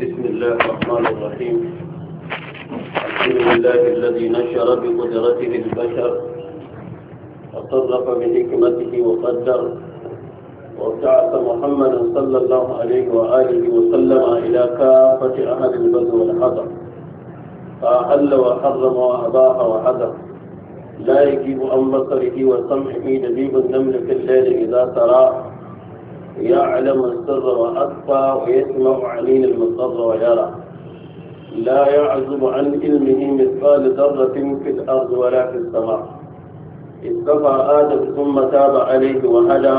بسم الله الرحمن الرحيم الحمد لله الذي نشر بقدرته البشر وصرف بحكمته وقدر وابتعث محمدا صلى الله عليه وآله وسلم إلى كافة أهل البر والحضر فأحل وحرم وأباح وحذر لا يجيب عن بصره وسمعه دبيب النمل في الليل إذا تراه يعلم السر وأخفى ويسمع عليل المصر ويرى لا يعزب عن علمه مثقال ذرة في الأرض ولا في السماء اصطفى آدم ثم تاب عليه وهدى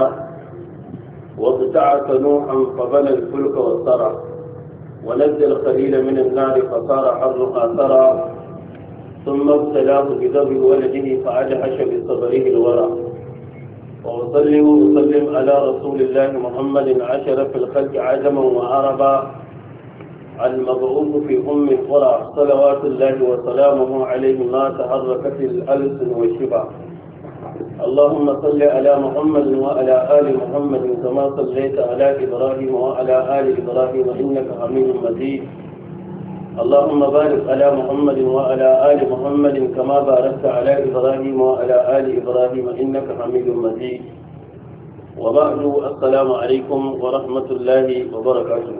وابتعث نوحا فبنى الفلك والثرى ونزل قليلا من النار فصار حرها ثرى ثم ابتلاه بذوي ولده فأدهش بصبره الورى وأصلي وأسلم على رسول الله محمد عشر في الخلق عجما وعربا المبعوث في أم القرى صلوات الله وسلامه عليه ما تحركت الألسن والشبع اللهم صل على محمد وعلى آل محمد كما صليت على إبراهيم وعلى آل إبراهيم إنك حميد مجيد اللهم بارك على محمد وعلى آل محمد كما باركت على إبراهيم وعلى آل إبراهيم إنك حميد مجيد وبعد السلام عليكم ورحمة الله وبركاته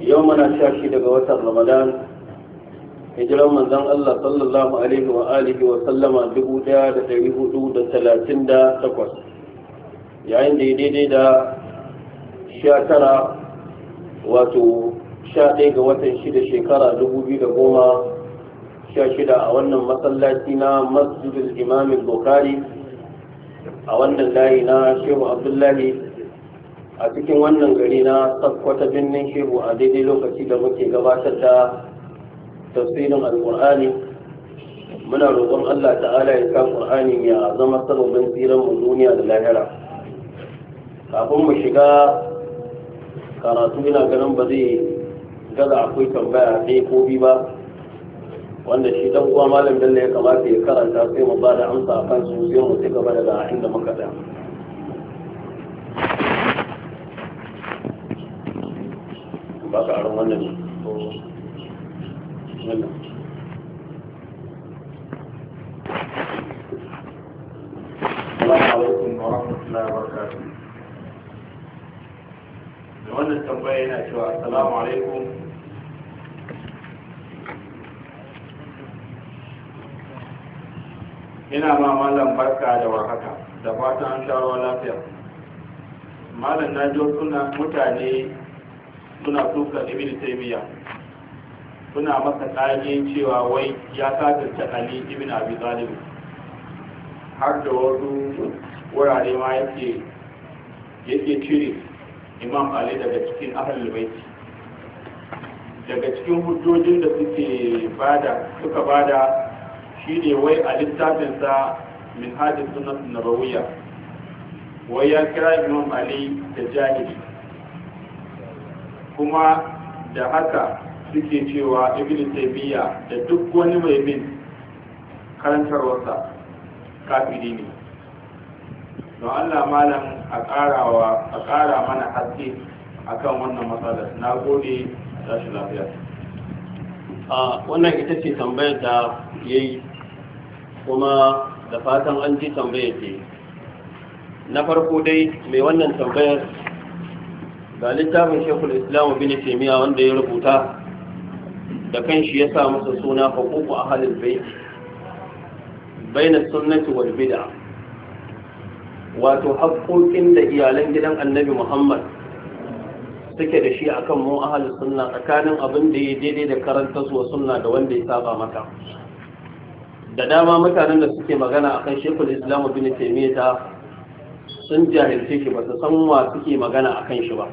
يومنا شاشد قوات رمضان hijiran manzon Allah sallallahu alaihi wa alihi wa sallama dubu ɗaya da ɗari hudu da talatin da takwas yayin da daidai da sha tara wato 11 ga watan shida shekara 2016 a wannan masallaci na masjidul imamin bukari a wannan layi na shehu abdullahi a cikin wannan gari na tsakwata birnin shehu a daidai lokaci da muke gabatar da tafsirin alkur'ani muna roƙon allah ta'ala ya sa ƙur'ani ya zama sababin mu duniya da lahira kafin mu shiga karatu yana ganin ba zai gaza akwai tambaya sai ko bi ba wanda shi dan kuma malam ne ya kamata ya karanta sai mu ba da amsa a kansu sai mu ci gaba daga inda muka da ba ka aron wannan ne wannan da wannan tambaya yana cewa assalamu alaikum ina ma malam barka da warhaka da fatan an sha ruwa lafiya malam na jo suna mutane suna suka ibn taymiya suna masa kage cewa wai ya kafirce ali ibn abi talib har da wasu wurare ma yake yake cire imam ali daga cikin ahlul bait daga cikin hujjojin da suke bada suka bada shine wai a littafinsa min hadin Suna nabawiya wai ya kira imam ali da jahili kuma da haka suke cewa ibn taymiya da duk wani mai bin karantarwarsa kafiri ne don allah malam a ƙara mana haske akan wannan matsalar na gode tashi lafiya wannan ita ce tambayar da ya yi kuma da fatan an ji tambaya ce na farko dai mai wannan tambayar ga littafin shekul islam bin taimiyya wanda ya rubuta da kanshi ya sa masa suna hukuku a halin bai bayan sunnati wal bid'a wato haƙoƙin da iyalan gidan annabi muhammad suke da shi akan mu ahal sunna tsakanin abin da ya daidai da karanta suwa sunna da wanda ya saba mata da dama mutanen da suke magana akan shekul islamu bin taimiyya sun jahilce shi ba su san wa suke magana akan shi ba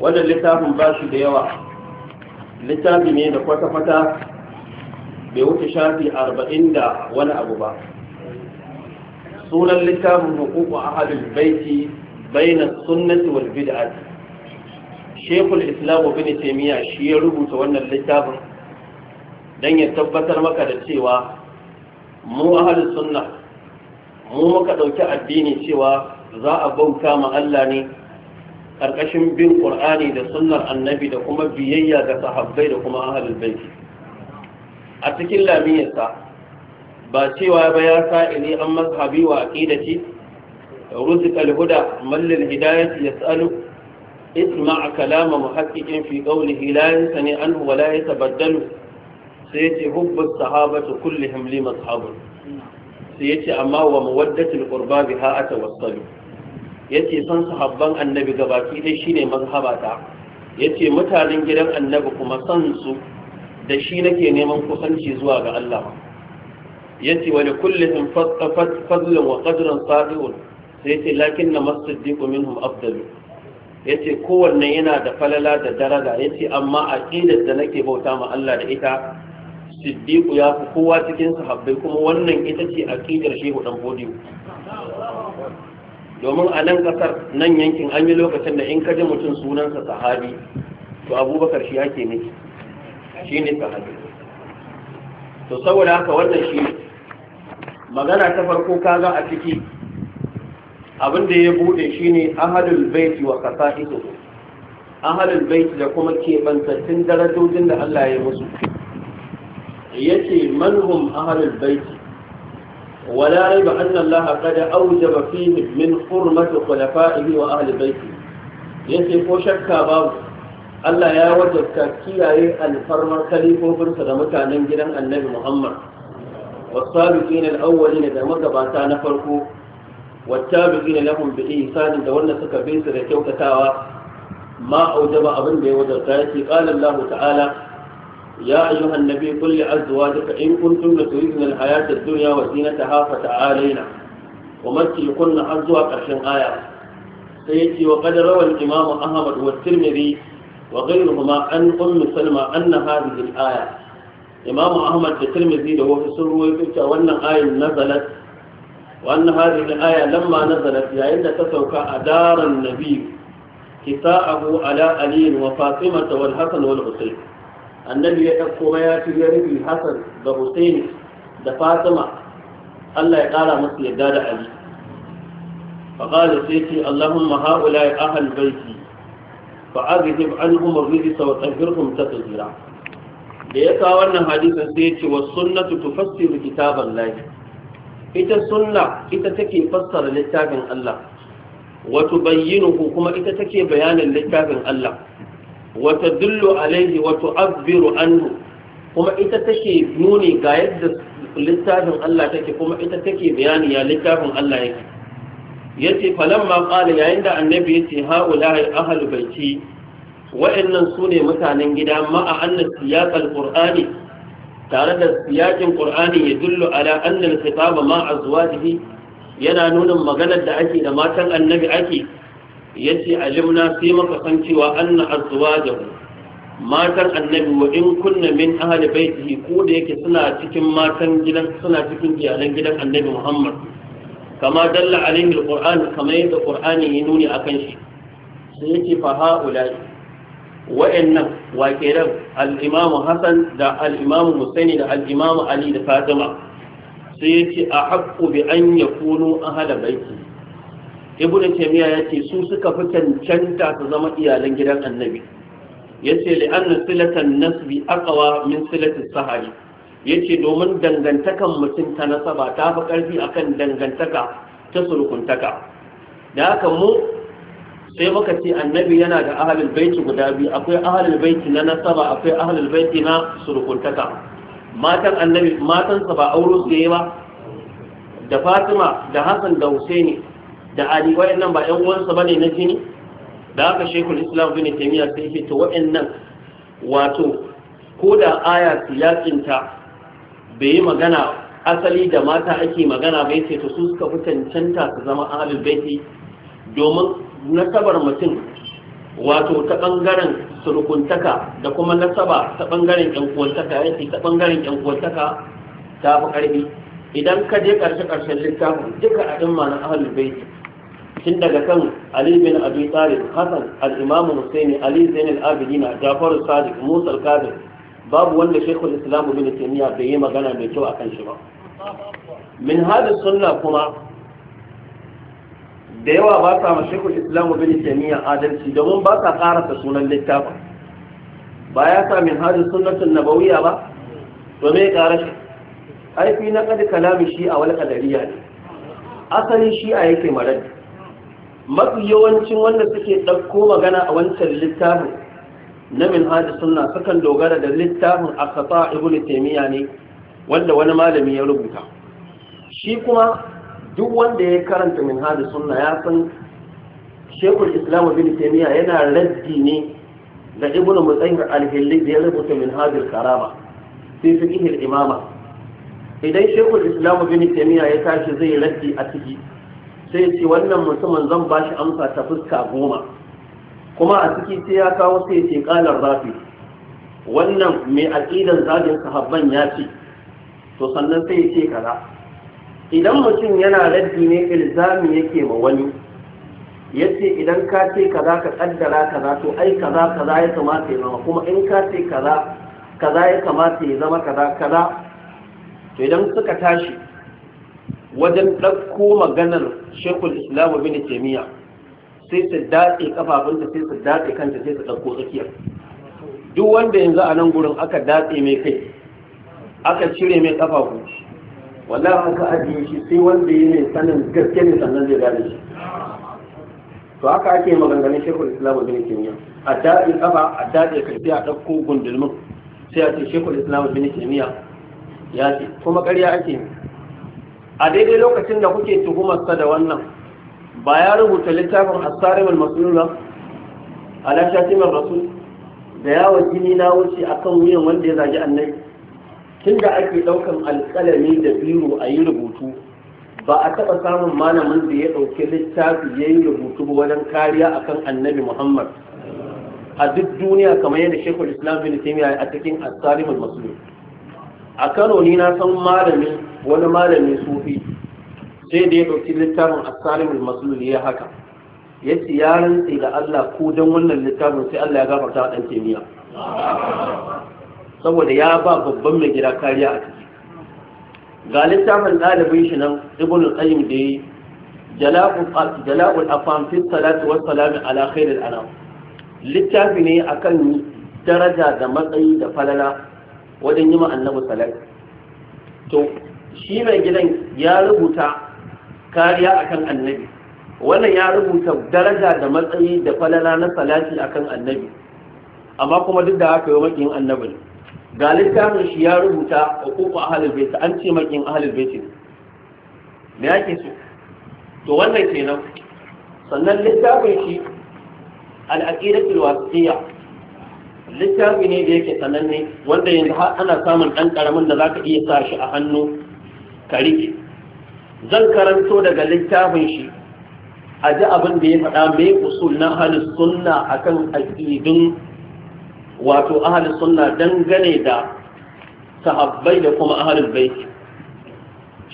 wannan littafin ba shi da yawa littafi ne da kwata-kwata bai wuce shafi arba'in da wani abu ba sunan littafin hukuku ahadul baiti baina sunnati wal bid'ati shekul islamu bin taimiyya shi ya rubuta wannan littafin don ya tabbatar maka da cewa mu ahalin sunna mu muka ɗauki addini cewa za a bauta ma Allah ne ƙarƙashin bin ƙur'ani da sunnar annabi da kuma biyayya ga sahabbai da kuma ahalin baiti a cikin lamiyarsa ba cewa ba ya sa'ili an mazhabi wa aqidati ruzik alhuda mallil hidayati yasalu اسمع كلام محقق في قوله لا ينسني عنه ولا يتبدل sai ya ce hubbus sahabatu kulle li mashabun sai ya ce amma wa mawaddatul qurba biha Ya ce san sahabban annabi gabaki dai shine mazhabata yace mutanen gidan annabi kuma san su da shi nake neman kusanci zuwa ga Allah yace wa kullihim fadlan wa qadran sadiqun sai yace lakinna masaddiqu minhum Ya ce kowanne yana da falala da daraja yace amma aƙidar da nake bauta ma Allah da ita siddiqu ya fi kowa cikin sahabbai kuma wannan ita ce a aqidar shehu dan bodiyo domin a nan kasar nan yankin an yi lokacin da in ka kaji mutum sunansa sahabi to abubakar shi ake ne shi ne sahabi to saboda haka wannan shi magana ta farko kaga a ciki abin da ya bude shine ahadul baiti wa qasa'idu ahalul baiti da kuma kebantattun darajojin da Allah ya musu yake manhun ahalul baiti wala raiba anna allaha qad awjaba fihi min hurmati khulafa'ihi wa ahli baiti Yace ko shakka babu Allah ya wajabta kiyaye alfarmar kalifofin sa da mutanen gidan Annabi Muhammad wa sabiqin al-awwalin da magabata na farko wa tabiqin lahum bi ihsanin da wanda suka bi su da kyautatawa ma aujaba abin da ya wajabta yake qala Allah ta'ala يا أيها النبي قل لأزواجك إن كنتم لتريدن الحياة الدنيا وزينتها فتعالينا ومتعكن أزواج أرشن آية سيأتي وقد روى الإمام أحمد والترمذي وغيرهما عن أم سلمى أن هذه الآية إمام أحمد والترمذي له في سروه وأن آية نزلت وأن هذه الآية لما نزلت يا إن تسوك أدار النبي كساءه على علي وفاطمة والحسن والحسين annabi ya ɗauko mayafi ya rubi hasan da husaini da fatima allah ya ƙara masu yadda da ali faƙalar sai ce allahumma ha'ula ya ahal baiki fa'azihim an umar rijisa wa tsakirhum ta tsira da ya kawo wannan hadisin sai ce wa sunnatu tufassiru kitaban lahi ita sunna ita take fassara littafin allah wato bayyinuhu kuma ita take bayanin littafin allah wata dullu alaihi wata azbiru annu kuma ita take nuni ga yadda littafin Allah take kuma ita take bayani ya littafin Allah yake yace falamma qala yayin da annabi yace haula ahlul baiti wa'annan sune mutanen gida ma'a anna siyaqal qur'ani tare da siyakin qur'ani ya dullu ala anna khitaba ma'a azwajihi yana nuna maganar da ake da matan annabi ake Ya ce, alimna sai muka san cewa anna azwajahu matan annabi wa in kunna min ahli baitihi ko da yake suna cikin matan gidan suna cikin iyalan gidan annabi Muhammad kama dalla alaihi alquran kama yadda qur'ani ya nuni akan shi sai yace fa haula wa'annan wakilan al-imam Hassan da al-imam Husaini da al-imam Ali da Fatima sai yace a haqqu bi an yakunu ahli baitihi ibn taymiya yace su suka fi cancanta su zama iyalan gidan annabi yace li anna silatan nasbi aqwa min silati sahari yace domin dangantakan mutum ta nasaba ta fi karfi akan dangantaka ta surkuntaka da haka mu sai muka ce annabi yana da ahlul baiti guda biyu akwai ahlul baiti na nasaba akwai ahlul baiti na surkuntaka matan annabi matansa ba auro su yi ba da Fatima da Hassan da Husaini da ali waɗannan ba ɗan uwansa bane na jini da haka shekul islam bin taimiyya sai ce to waɗannan wato ko da aya siyasinta bai yi magana asali da mata ake magana bai ce to su suka fi cancanta su zama ahlul baiti domin nasabar mutum wato ta bangaren surukuntaka da kuma nasaba ta bangaren ƴan uwantaka yake ta bangaren yan uwantaka ta fi karfi idan ka je karshe karshen littafin duka ɗin ma na ahlul baiti tun daga kan Ali bin Abi Talib Hassan al-Imam Husaini Ali Zain al-Abidin Jafar Sadiq Musa al kadir babu wanda Sheikhul Islam Ibn Taymiyyah bai yi magana mai kyau akan shi ba min hada sunna kuma da yawa ba sa ma Sheikhul Islam Ibn Taymiyyah adalci domin ba sa karanta sunan littafin ba ya sa min hada sunnatun nabawiyya ba to me karashi ai fi na kad kalami shi a wal qadariya ne asali shi a yake maradi mafi yawancin wanda suke ɗauko magana a wancan littafin na min hajji suna sukan dogara da littafin a kasa ibu taimiyya ne wanda wani malami ya rubuta shi kuma duk wanda ya karanta min hajji suna ya san shekul islam bin taimiyya yana raddi ne da ibn mutsayir alhilli da ya rubuta min hajji karama sai su imama idan shekul islam bin taimiyya ya tashi zai raddi a ciki sai ce wannan mutumin zan ba shi amsa ta fuska goma kuma a ciki sai ya kawo sai ce kalar rafi. wannan mai aƙidan zagin sahabban ya ce to sannan sai ce kaza idan mutum yana raddi ne ilzami yake ma wani yace idan ka ce kaza ka kaddara kaza to ai kaza kaza ya kamata ya zama kuma in ka ce kaza kaza ya kamata ya zama kaza kaza to idan suka tashi wajen ɗauko maganar shekul islam bini kemiya sai su daɗe kafafunta sai su daɗe kanta sai su ɗauko tsakiyar duk wanda yanzu a nan gurin aka daɗe mai kai aka cire mai ƙafafu wala haka ajiye shi sai wanda yi mai sanin gaske ne sannan zai gane shi to haka ake maganganun shekul islam bini kemiya a daɗe ƙafa a daɗe karfi a ɗauko gundulmin sai a ce shekul islam bini kemiya ya ce kuma ƙarya ake yi a daidai lokacin da kuke tuhumarsa da wannan ba ya rubuta littafin asarimul masul ba ala shatimar rasul da yawon jini na wuce akan wuyan wanda ya zagi annabi tun da ake ɗaukan alƙalami da biro a yi rubutu ba a taɓa samun malamin da ya ɗauki littafi ya yi rubutu wajen kariya akan annabi muhammad a duk duniya kamar yadda shekul islam bin taimiyya a cikin asarimul masul a kano ni na san malami wani malami sufi sai da ya ɗauki littafin asalimul maslul ya haka ya ce ya rantse da Allah ko don wannan littafin sai Allah ya gafarta a ɗan kimiyya saboda ya ba babban mai gida kariya a ciki ga littafin ɗalibin shi nan ibn al-qayyim da yi jala'ul afam fi salatu was salami ala khairil anam littafi ne akan daraja da matsayi da falala wajen yi annabi salai to shi mai gidan ya rubuta kariya akan annabi wannan ya rubuta daraja da matsayi da falala na salati akan annabi amma kuma duk da haka yi makin annabin ga littafin shi ya rubuta hukuku halin beti an ce makin a halin ne me yake so to wannan kenan sannan littafin shi al-aqidatu al littafi ne da yake sananne wanda yanzu har ana samun ɗan ƙaramin da za ka iya sa shi a hannu ka rike zan karanto daga littafin shi a ji abin da ya faɗa mai usul na ahalin sunna akan aƙidun wato ahalin sunna dangane da sahabbai da kuma ahalin baiti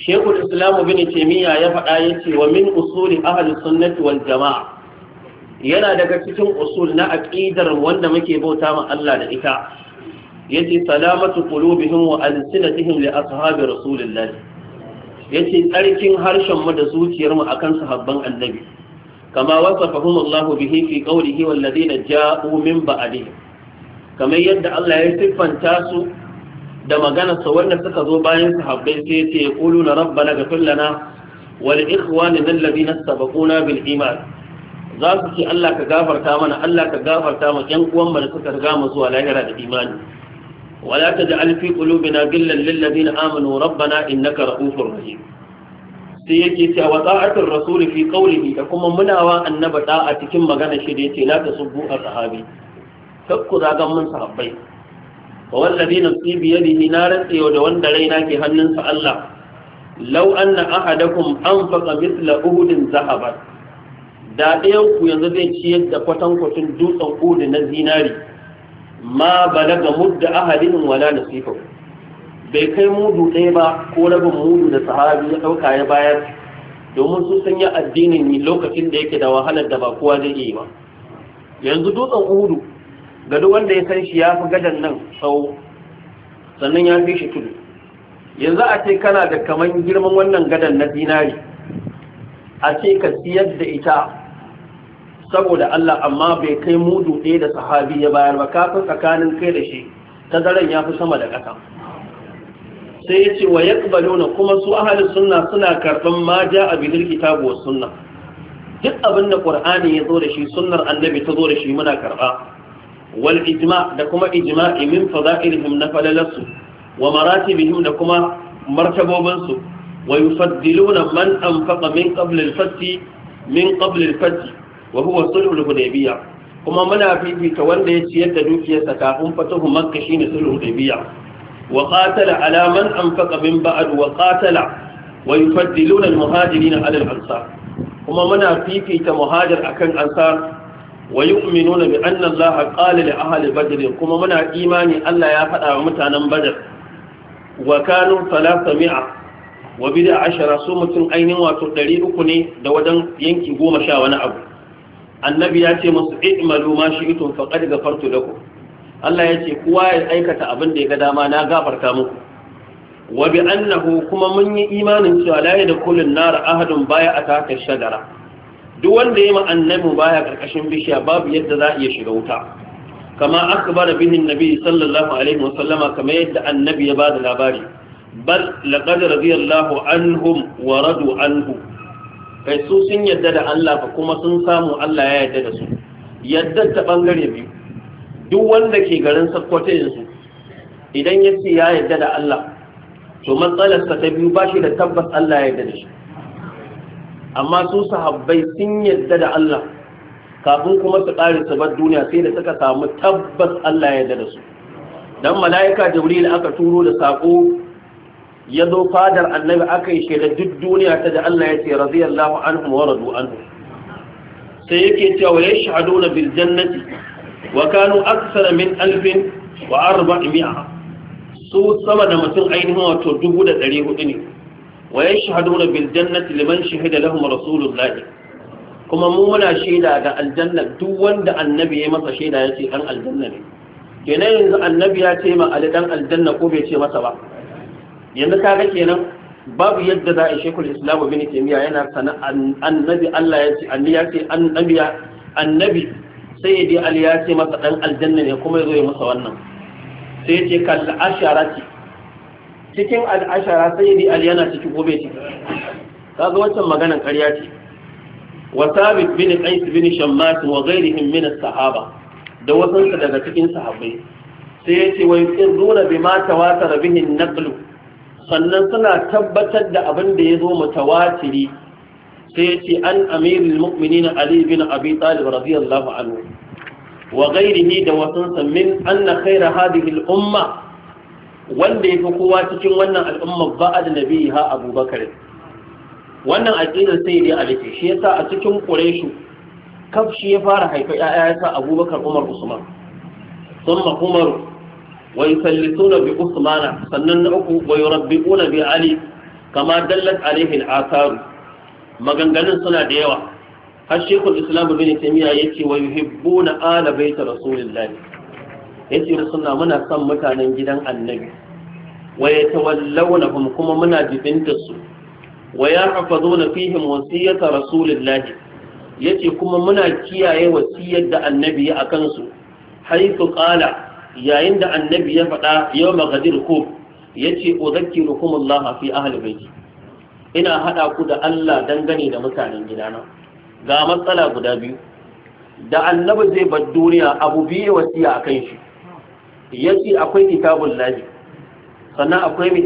shekul islamu bin taymiya ya faɗa ya ce wa min usuli ahalin sunnati wal jama'a yana daga cikin usul na aqidar wanda muke bauta ma Allah da ita yace salamatu qulubihim wa alsinatihim li ashabi rasulillah yace tsarkin harshen mu da zuciyar mu akan sahabban annabi kama wasafahum Allah bihi fi qawlihi wal ladina ja'u min ba'dihi kamar yadda Allah ya siffanta su da magana sa wanda suka zo bayan sahabbai sai yace quluna rabbana ghfir lana wal ikhwanina alladhina sabaquna bil iman za su ce Allah ka gafarta mana Allah ka gafarta ma ƴan uwan da suka riga mu zuwa lahira da imani wala taj'al fi qulubina ghillan lil ladina amanu rabbana innaka ra'ufur rahim sai yake cewa wa ta'atul rasul fi qawlihi da kuma munawa annaba da a cikin magana shi da yace la tasubbu ashabi kakku zagan mun sahabbai wa wallazi nafsi bi yadihi naran da wanda raina ke hannunsa Allah law anna ahadakum anfaqa mithla uhudin zahabat da ɗayan ku yanzu zai ciyar da kwatan kwatun dutsen udu na zinari ma ga mudda in wala sifar bai kai mudu ɗaya ba ko rabin mudu da sahabi ya ɗauka ya bayar domin su sun yi addinin lokacin da yake da wahalar da ba kowa zai yi ba yanzu dutsen udu. ga duk wanda ya san shi ya fi gadan nan tsawo sannan ya fi shi tudu yanzu a ce kana da kamar girman wannan gadan na zinari. a ce ka siyar da ita saboda Allah amma bai kai mudu ɗaya da sahabi ya bayar ba kafin tsakanin kai da shi tazaran ya fi sama da ƙasa sai ya ce wa ya kuma su ahalin sunna suna karɓan ma ja a bihir kitabu wa duk abin da ƙur'ani ya zo da shi sunnar annabi ta zo da shi muna karɓa wal ijma da kuma ijma'i min fada'ilihim na falalarsu wa maratibihim da kuma martabobinsu wa yufaddiluna man anfaqa min qabl al-fath min qabl al-fath wa huwa sulhul hudaybiyya kuma muna fifita wanda ya ciyar da dukiyarsa kafin fatahu makka shine sulhul hudaybiyya wa qatala ala man anfaqa min ba'd wa qatala wa yufaddiluna al-muhajirin ala al kuma muna fifita muhajir akan ansar wa yu'minuna bi anna Allah qala li ahli badr kuma muna imani Allah ya faɗa wa mutanen badr wa kanu 300 wa bid'a ashara su mutum ainihin wato ɗari uku ne da wajen yanki goma sha wani abu annabi ya ce musu i'malu ma shi'tum faqad ghafartu lakum Allah ya ce kowa ya aikata abin da ya ga dama na gafarta muku wa bi annahu kuma mun yi imanin cewa la yadkhulun nar ahadun baya ataka shajara duk wanda yayi annabi baya karkashin bishiya babu yadda za iya shiga wuta kama akbara bihi annabi sallallahu alaihi wasallama kama yadda annabi ya bada labari bal laqad radiyallahu anhum wa radu anhu kai su sun yadda da Allah ba kuma sun samu Allah ya yadda da su yadda ta bangare biyu duk wanda ke garin sakkwato yanzu idan ya ce ya yadda da Allah to matsalarsa ta biyu ba shi da tabbas Allah ya yadda da shi amma su sahabbai sun yadda da Allah kafin kuma su ƙare su bar duniya sai da suka samu tabbas Allah ya yadda da su dan mala'ika jibril aka turo da sako ya zo fadar annabi aka yi shaida duk duniya ta da Allah ya ce radiyallahu anhu wa radu anhu sai yake cewa ya shahaduna bil jannati wa kanu aksara min alfin wa arba'a su sama da mutum ainihin wato dubu da ɗari hudu ne wa ya na bil jannati liman shahida lahum rasulullahi kuma mu muna shaida ga aljanna duk wanda annabi ya masa shaida ya ce dan aljanna ne kenan yanzu annabi ya ce ma ali dan aljanna ko bai ce masa ba yanzu kaga kenan babu yadda za a shekul islam bin taymiya yana sana annabi Allah ya ce annabi ya ce annabi annabi sai dai ali ya ce masa dan aljanna ne kuma ya zo ya masa wannan sai ya ce kal ce. cikin al ashara sai dai ali yana cikin gobe ce. Ka kaga wancan maganan ƙarya ce wa thabit bin qais bin shammas wa ghayrihim min as-sahaba da wasansa daga cikin sahabbai sai ya ce wa yusirruna bima tawatara bihi an-naqlu sannan suna tabbatar da abin da ya zo mutawatiri sai ya ce an amirul mu'minin ali bin abi talib radiyallahu anhu wa ghairihi da wasansa min anna khaira hadhihi al umma wanda yafi kowa cikin wannan al'umma ba'ad nabiha abubakar wannan aqidar sai dai alifi shi yasa a cikin quraishu kaf shi ya fara haifa 'ya'ya yasa abubakar umar usman thumma umar wa yusallisuna bi usmana sannan na uku wa yurabbiuna bi ali kama dallat alaihi al-atharu maganganun suna da yawa har shekul islam bin taymiya yace wa yuhibbuna ala bait rasulillah yace da sunna muna son mutanen gidan annabi wa yatawallawnahum kuma muna jibinta su wa yahfazuna fihim wasiyata rasulillah yace kuma muna kiyaye wasiyar da annabi akan su haythu qala yayin da annabi ya faɗa yau maghadir ku ya ce o zaki laha fi ahal baiti ina haɗa ku da Allah dangane da mutanen gidana ga matsala guda biyu da annabi zai bar duniya abu biyu wasiya a kan shi ya ce akwai kitabun laji sannan akwai mai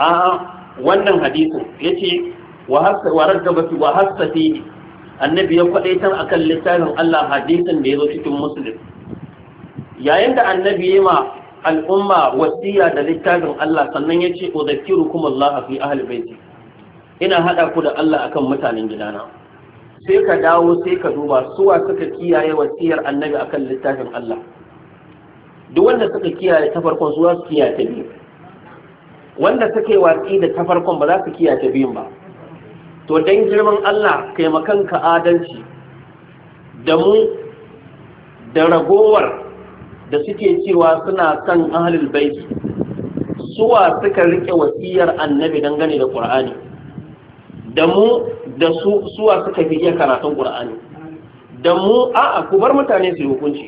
a wannan hadisin ya ce wa raggaba fi wa hassa annabi ya a kan littafin Allah hadisin da ya zo cikin musulun yayin da annabi ya ma al'umma wasiya da littafin Allah sannan ya ce udhkirukum Allah fi ahli baiti ina hada ku da Allah akan mutanen gidana sai ka dawo sai ka duba suwa suka kiyaye wasiyar annabi akan littafin Allah duk wanda suka kiyaye ta farkon su su kiyaye ta biyu wanda suka yi watsi da ta farkon ba za su kiyaye ta biyun ba to dan girman Allah kai makanka adalci da mu da ragowar da suke cewa suna kan ahlul baiti suwa suka rike wasiyar annabi dangane da qur'ani da mu da su suwa suka fi iya karatun qur'ani da mu a'a ku bar mutane su hukunci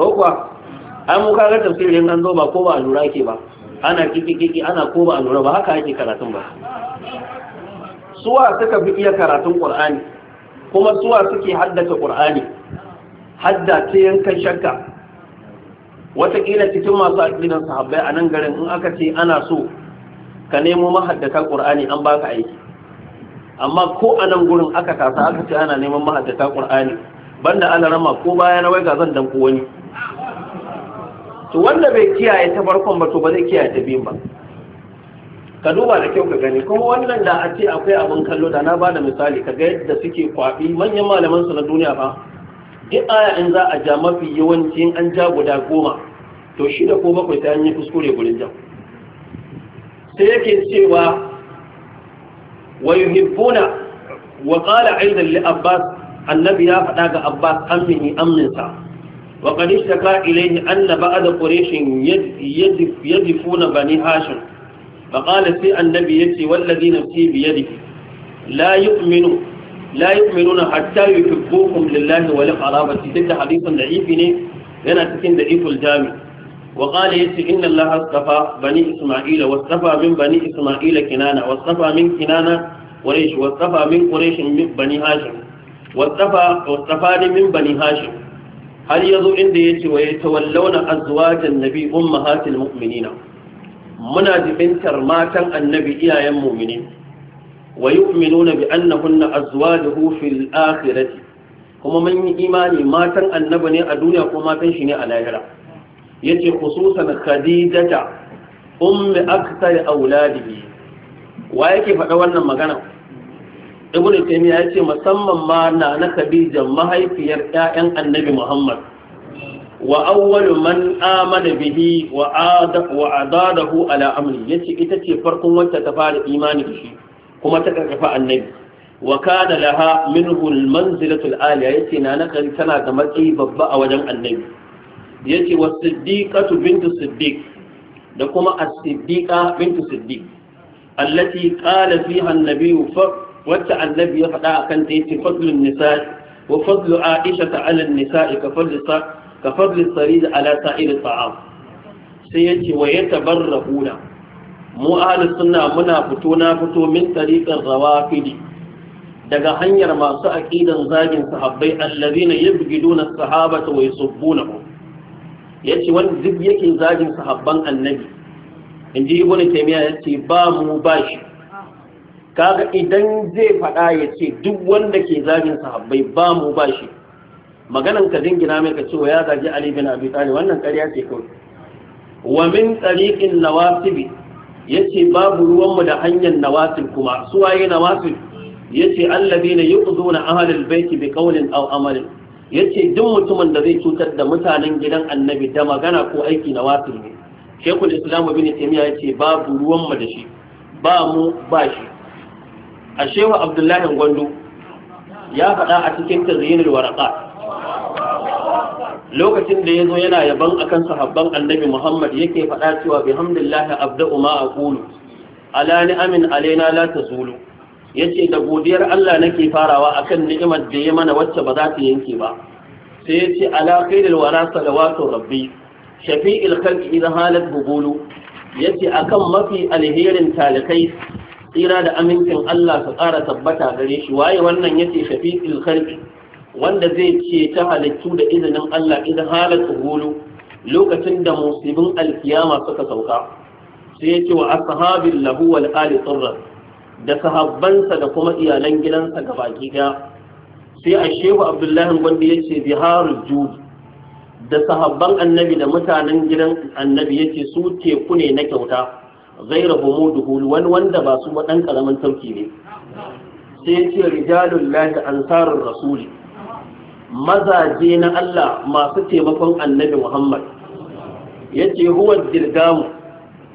ko kuwa ai mu kaga tafsirin nan zo ba ko ba lura ke ba ana kiki ana ko ba lura ba haka yake karatun ba suwa suka fi iya karatun qur'ani kuma suwa suke haddace qur'ani hadda ta yankan shakka wataƙila cikin masu aƙidan sahabbai a nan garin in aka ce ana so ka nemo mahaddata ƙur'ani an baka aiki amma ko a nan gurin aka kasa aka ce ana neman mahaddata ƙur'ani banda ana rama ko bayan wai ga zan danko wani to wanda bai kiyaye ta farkon ba to ba zai kiyaye ta biyun ba ka duba da kyau ka gani kuma wannan da a ce akwai abin kallo da na ba da misali ka ga yadda suke kwaɓi manyan malaman su na duniya ba duk aya in za a ja mafi yawanci an ja guda goma to shida ko bakwai ta hanyar kuskure gurin jan sai yake cewa wa yuhibbuna wa qala aidan li abbas annabi ya faɗa ga abbas amini aminsa wa qad ishtaka ilayhi anna ba'd quraish yadifuna bani hashim فقال سي النبي يتي والذي نفسي La لا يؤمن la yu'minuna hatta yuhibbukum lillahi wa li qarabati duk da hadisin da'ifi ne yana cikin da'iful jami wa qala yace inna allaha astafa bani isma'ila wa astafa min bani isma'ila kinana wa astafa min kinana quraish wa astafa min quraish min bani hashim wa astafa wa astafa min bani hashim har yazo inda yace wa yatawallawna azwajan nabi ummahatil mu'minina muna jibintar matan annabi iyayen mu'minin wa ويؤمنون بأنهن أزواجه في الآخرة kuma mun yi imani matan annabi ne a duniya ko matan shi ne a lahira yace khususan khadijata ummi akthar auladihi wa yake faɗa wannan magana ibnu taymiya yace musamman ma na na khadija mahaifiyar ƴaƴan annabi muhammad wa awwalu man amana bihi wa adadahu ala amri yace ita ce farkon wacce ta fara imani da shi kuma ta karfafa annabi wa kana laha minhu almanzilatu aliya yace na na kari tana da matsayi babba a wajen annabi yace wa siddiqatu bintu siddiq da kuma as-siddiqa bintu siddiq allati qala fiha an-nabi fa wacce annabi ya faɗa a ta yace fadlun nisa'i wa fadlu aisha ala an ka fadlu ka ala sa'ir taam sai yace wa yatabarrahuna mu ahli sunna muna fito na fito min tariqar rawafidi daga hanyar masu aqidan zagin sahabbai allazina yabghiduna sahabata wa yusubbunahu yace wanda duk yake zagin sahabban annabi inji ibnu taymiya yace ba mu ba shi kaga idan zai faɗa ya ce duk wanda ke zagin sahabbai ba mu ba shi maganan ka dingina mai ka cewa ya zagi Ali bin Abi Talib wannan ƙarya ce kawai wa min tariqin nawasibi yace babu ruwanmu da hanyar nawasil kuma su waye nawasil yace allazina yu'zuna ahlal baiti bi qawlin aw amalin yace duk mutumin da zai cutar da mutanen gidan annabi da magana ko aiki nawasil ne shekul islam ibn taymiya yace babu ruwanmu da shi ba mu ba shi a shewa abdullahi gwandu ya faɗa a cikin tazyinul waraqat lokacin da ya zo yana yaban akan sahabban annabi Muhammad yake faɗa cewa bihamdillahi abda'u ma aqulu ala amin alaina la Ya yace da godiyar Allah nake farawa akan ni'imar da ya mana wacce ba za ta yanke ba sai yace ala khairil wara salawatu rabbi shafi'il khalqi idha halat bugulu yace akan mafi alherin talikai tsira da amincin Allah su ƙara tabbata gare shi waye wannan yace shafi'il khalqi wanda zai ce ta halittu da izinin Allah idan halatu tsuhulu lokacin da musibin alkiyama suka sauka sai ce wa ashabin lahu wal ali sirran da sahabbansa da kuma iyalan gidansa ga baki ga sai a shehu abdullahi gwanda ya ce biharu jud da sahabban annabi da mutanen gidan annabi ya ce su teku ne na kyauta zaira homo duhul wani wanda ba su ɗan ƙaramin sauki ne sai ya ce rijalun lahi ansarin rasuli mazaje na Allah masu taimakon annabi Muhammad ya ce huwa dirgamu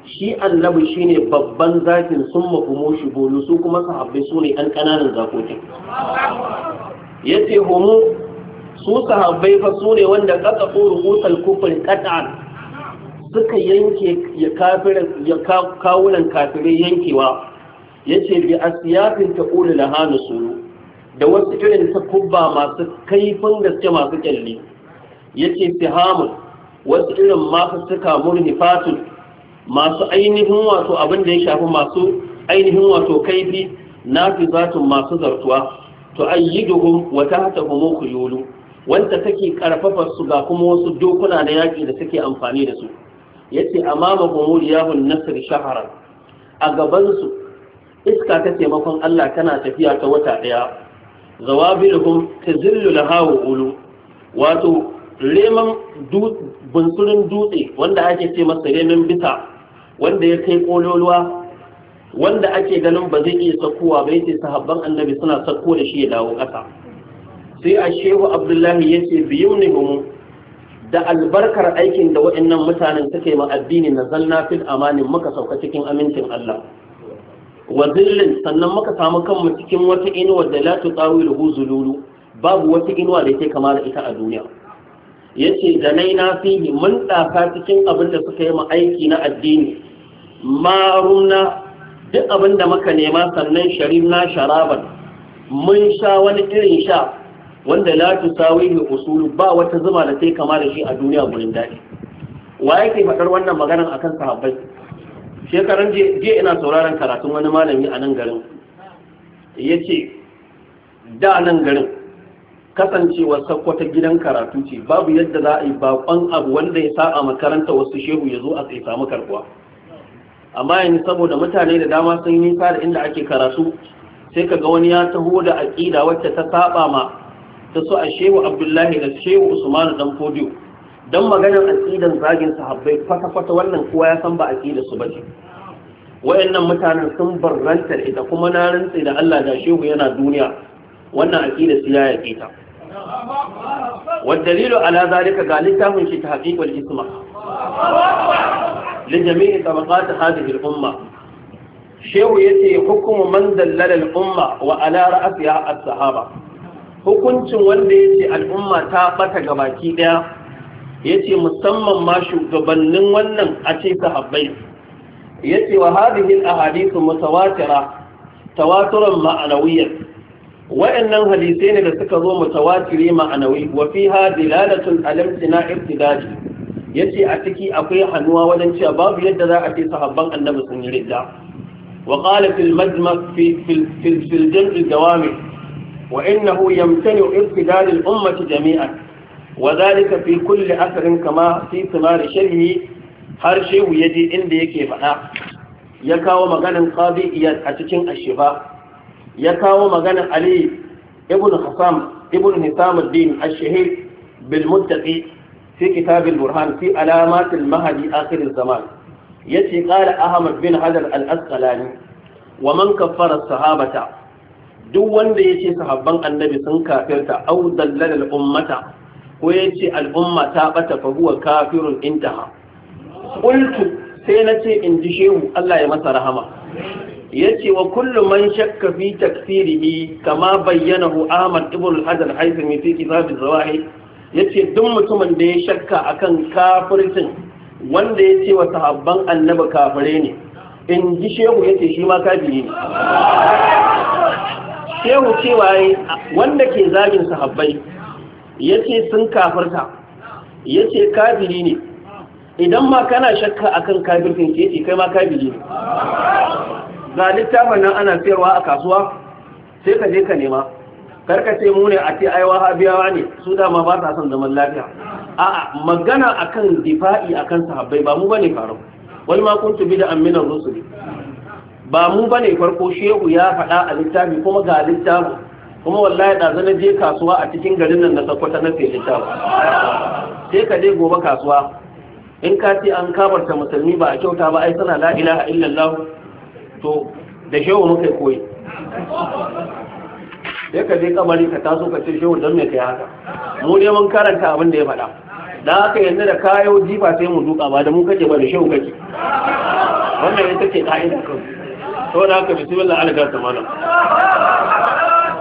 shi annabi shi ne babban zakin sun mafumo shi bolu su kuma sahabbai su ne ɗan ƙananan zakokin ya ce homo su sahabbai fa su ne wanda ƙasa ƙoru ƙusar kufin ƙata'an suka yanke ya kawunan kafirai yankewa ya ce bi asiyafin ta ƙuli lahanu sunu da wasu irin takubba masu kaifin gaske masu kyalli, ya yace sihamun wasu irin masu mafussuka murnifatun masu ainihin wato abin da ya shafi masu ainihin wato kaifi na fi zatun masu zartuwa to an yi wata hata wa ku yolo wanda take karfafa su ga kuma wasu dokuna na yaƙi da take amfani da su yace amama humuriyahun nasir shahara a gabansu, iska ta taimakon Allah tana tafiya ta wata ɗaya. zawabiluhum tazillu laha ulu wato reman bunsurin dutse wanda ake ce masa reman bisa wanda ya kai kololuwa wanda ake ganin ba zai iya sakowa ba yace sahabban annabi suna sako da shi ya dawo kasa sai a shehu abdullahi yace mu da albarkar aikin da waɗannan mutanen suke ma addini na zalna fil amanin muka sauka cikin amincin Allah wa zillin sannan muka samu kanmu cikin wata inuwa da la tutawilu babu wata inuwa da yake kama da ita a duniya yace da nai na fihi mun ɗafa cikin abin da suka yi ma aiki na addini maruna duk abin da muka nema sannan sharim na sharaban mun sha wani irin sha wanda la da usulu ba wata zuma da ta kama da shi a duniya gurin daɗi. wa yake faɗar wannan maganar akan sahabbai shekaran je ina sauraron karatun wani malami a nan garin ya ce da nan garin kasancewa sakwata gidan karatu ce babu yadda za a yi bakon abu wanda ya sa makaranta wasu shehu ya zo a tsaye samu karbuwa amma yanzu saboda mutane da dama sun yi nisa da inda ake karatu sai ka ga wani ya taho da aƙida wacce ta saba ma ta so a shehu abdullahi da shehu usmanu dan fodiyo don maganar aƙidan zagin sahabbai kwata-kwata wannan kowa ya san ba ƙida su bace wayannan mutanen sun barranta ita kuma na rantsi da Allah da shehu yana duniya wannan aqida su ya yake ta والدليل على ذلك قال لتهم في تحقيق الاسم لجميع طبقات هذه الامه شيخ يتي حكم من دلل الامه وعلى راسها sahaba. hukuncin wanda ya ce al'umma ta bata gabaki daya yace musamman ma shugabannin wannan a ce sahabbai yace wa hadhihi al-ahadith mutawatira tawaturan ma'anawiyyan wa'annan hadisai ne da suka zo mutawatiri ma'anawi wa fiha dilalatun al-imtina ibtidaji yace a ciki akwai hannuwa wajen cewa babu yadda za a ce sahabban annabi sun yi ridda wa qala fil majma' fi fil fil jam'i dawami wa innahu yamtani ibtidal al-ummah jami'an وذلك في كل أثر كما في ثمار شرحه har shehu ya je inda yake faɗa ya kawo maganin qadi a cikin ashifa ya kawo maganin ali ibn hasam ibn hisam ad-din ash-shahid burhan fi alamat al-mahdi akhir az-zaman yace qala ahmad bin hadar al-asqalani wa man kaffara sahabata duk wanda yace sahabban annabi sun kafirta aw dallal al-ummata ko ya ce al'umma ta ɓata faruwa kafirun inta intaha ƙultu sai na ce in ji shehu Allah ya masa rahama ya ce wa kullum man shakka fi tafsirihi kama bayyanahu Ahmad ibn al-Hajar al-Haythami fi kitab az Ya ce duk mutumin da ya shakka akan kafircin wanda ya ce wa sahabban annabi kafire ne in ji shehu yace shi ma kafiri ne shehu cewa wanda ke zagin sahabbai yace sun kafarta ce kafiri ne idan ma kana shakka akan kafirkin ke ce kai ma kafiri ne ga littafin nan ana sayarwa a kasuwa sai ka je ka nema karka ce mu ne a ce ai wahabiyawa ne su dama ba sa son zaman lafiya a'a magana akan difa'i akan sahabbai ba mu bane faru wal ma kuntu bid'an min ar-rusul ba mu bane farko shehu ya faɗa a littafi kuma ga littafi kuma wallahi da zana je kasuwa a cikin garin nan na sakwata na sai ta sai ka je gobe kasuwa in ka ce an kabarta musulmi ba a kyauta ba ai suna la ilaha illallah to da shehu muka koyi sai ka je kamari ka taso ka ce shehu don me kai haka mu ne mun karanta abin da ya faɗa da haka yanzu da kayo jifa sai mu duka ba da mu kake ba da shehu kake wannan ita ce ka'ida kan to da haka bismillah alaihi wasallam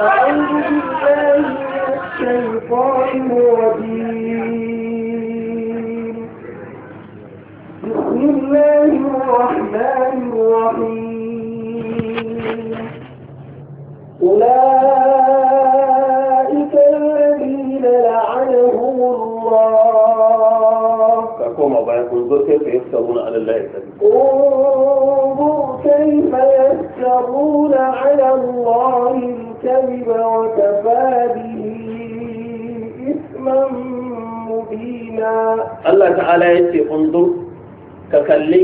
أعوذ بالله الشيطان الرجيم بسم الله الرحمن الرحيم أولئك الذين لعنهم الله koma baya kun sai ka yasta runa ala Allah ya tsari. Ubu sai ka yasta runa ba wata fadi isman mubina. Allah ta'ala ya ce kun zo ka kalli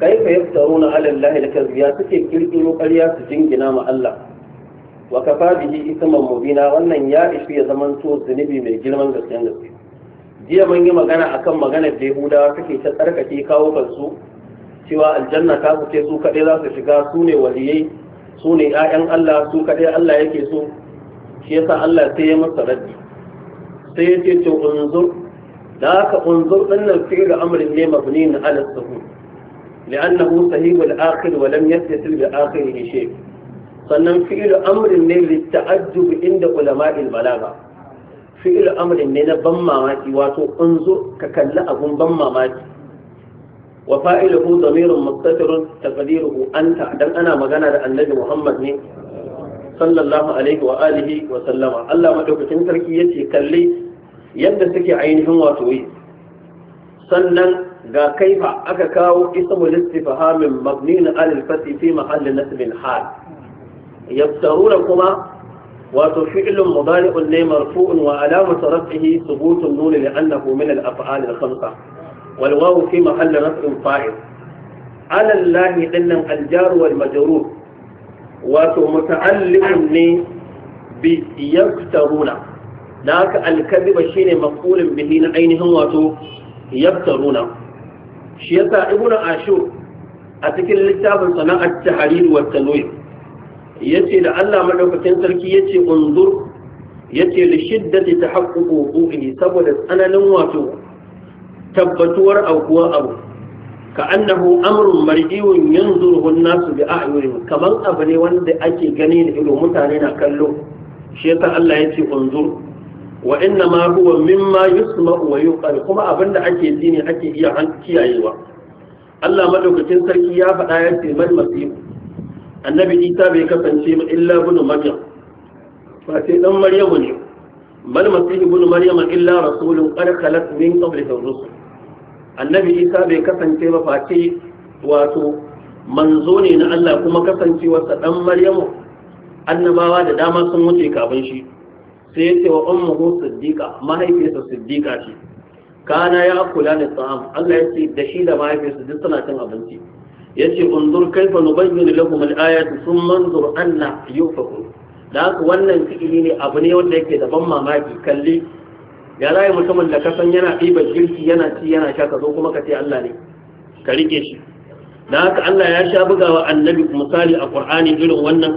kai ka yasta runa da kazziya suke kirkiro ƙarya su jingina ma Allah. Wa kafa bihi isman mubina wannan ya ishe ya zamanto zunubi mai girman gaskiyan gaskiya. jiya mun yi magana akan maganar da yahudawa suke ta tsarkake kawo kansu cewa aljanna ta su ce su kade za su shiga su ne waliyai su ne 'ya'yan Allah su kade Allah yake so shi yasa Allah sai ya masa raddi sai ya ce to unzur da ka unzur dan nan fi ga amrin ne mabni na ala suhu li'annahu sahibul akhir wa lam yattasil bi akhirihi shay sannan fi amrin ne li ta'ajjub inda ulama'il balagha fi'il amrin ne na ban mamaki wato zo ka kalli abun ban mamaki wa fa'iluhu damirun mustatirun taqdiruhu anta dan ana magana da annabi Muhammad ne sallallahu alaihi wa alihi wa sallama Allah madaukakin sarki yace kalli yadda suke ainihin wato yi sannan ga kaifa aka kawo ismu listifhamin mabni na alil fi mahalli nasbin hal yaftaruna kuma وتفعل مضارع لمرفوع وعلامة رفعه ثبوت النون لأنه من الأفعال الخمسة والواو في محل رفع فاعل على الله إن الجار والمجرور وتمتعلم بيكترون ذاك الكذب شين مقول به عينهم واتو يبترون شيطا ابن عاشور أتكلم للتابع صناعة التحرير والتنوير yace da Allah madaukakin sarki yace unzur yace ta shiddati tahaqquqi wuquhi saboda tsananin wato tabbatuwar aukuwa abu ka annahu amrun marjiun yanzuruhu nasu bi a'yunihim Kamar abu ne wanda ake gani da ido mutane na kallo shi yasa Allah yace unzur wa inna ma huwa mimma yusma'u wa yuqal kuma abinda ake ji ne ake iya kiyayewa Allah madaukakin sarki ya faɗa yace mal masifu annabi isa bai kasance ba illa bunu maryam ba sai dan maryamu ne bal masihi bunu maryam illa rasulun qad khalat min qablihi rusul annabi isa bai kasance ba face wato manzo ne na Allah kuma kasancewarsa dan maryamu annabawa da dama sun wuce kafin shi sai ya ce wa ummuhu siddiqa mahaifiyarsa siddiqa ce kana ya kula da tsam Allah ya ce da shi da mahaifiyarsa duk suna cin abinci yace unzur kaifa nubayyin lakum al-ayati thumma anzur anna yufaku da haka wannan fi'ili ne abu ne wanda yake da ban mamaki kalli ya rayu mutumin da kasan yana ɗibar girki yana ci yana sha ka zo kuma ka ce Allah ne ka rike shi da haka Allah ya sha bugawa annabi misali a Qur'ani irin wannan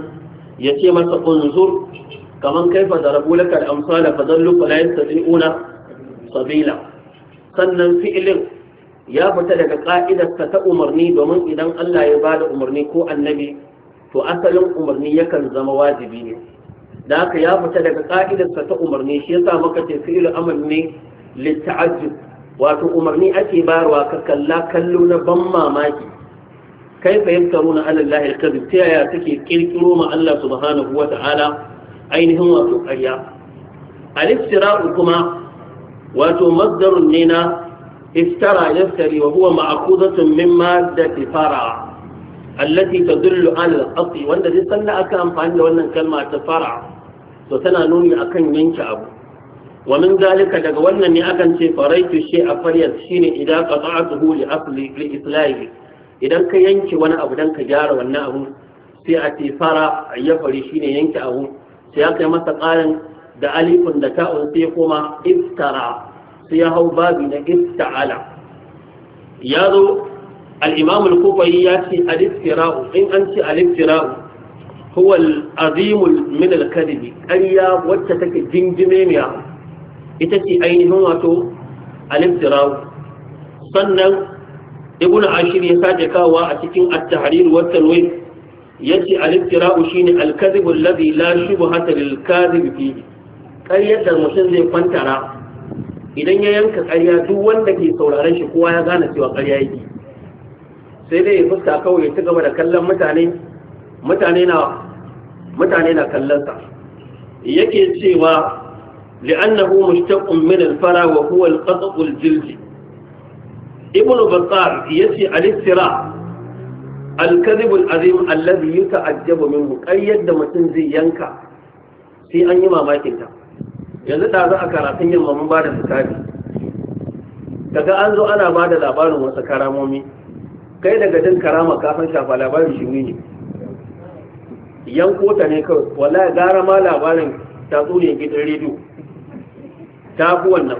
ya ce masa unzur kaman kaifa darabu laka al-amsala fadallu fala yastati'una sabila sannan fi'ilin ya fita daga ka'idarsa ta umarni domin idan Allah ya ba da umarni ko annabi to asalin umarni yakan zama wajibi ne da haka ya fita daga ka'idarsa ta umarni shi yasa muka ce fi'il amr ne litta'ajjub wato umarni ake bayarwa ka kalla kallo na ban mamaki kai fa yaftaruna ala Allah al-kadhib ta yaya take kirkiro ma Allah subhanahu wa ta'ala ainihin wato ƙarya al-iftira'u kuma wato masdarun ne na افترى يفتري وهو مأخوذة من مادة فرع التي تدل على الأصل وأن دي صلى أكام فعند وأن كلمة فرع وتنا نوني أكن ينك أبو ومن ذلك daga wannan ne akan ce faraitu shi a faryar shine idan qata'atuhu li asli li islahi idan ka yanke wani abu dan ka gyara wannan abu sai a Tifara fara ya fari shine yanke abu sai aka yi masa ƙarin da alifun da ta'un sai kuma iftara sai ya hau babi na ista'ala ya zo al-imam ya ce al in an ce al-iftira'u huwa al-azim min al-kadhib ƙarya wacce take jinjime miya ita ce ainihin wato al sannan ibn ashir ya sake kawa a cikin at-tahrir wa at-tanwir yace al-iftira'u shine al-kadhib alladhi la shubhata lil-kadhib fihi ƙaryar da mutum zai kwantara idan ya yanka ƙarya duk wanda ke sauraron shi kowa ya gane cewa ƙarya yake sai dai ya fuska kawai ya ci gaba da kallon mutane mutane na mutane na kallon sa yake cewa li'annahu mushtaqqun min al-fara wa huwa al-qat'u al-jildi ibnu bakar yace al-istira al-kadhib al-azim alladhi yata'ajjabu minhu ƙaryar da mutum zai yanka sai an yi mamakin ta yanzu da za a karatun yamma mamun ba da fitari daga an zo ana ba da labarin wasu karamomi kai daga jin karama kafin shafa labarin shi ne yanko ta ne kawai wallahi gara ma labarin ta tatsuniyar gidan rediyo ta fi wannan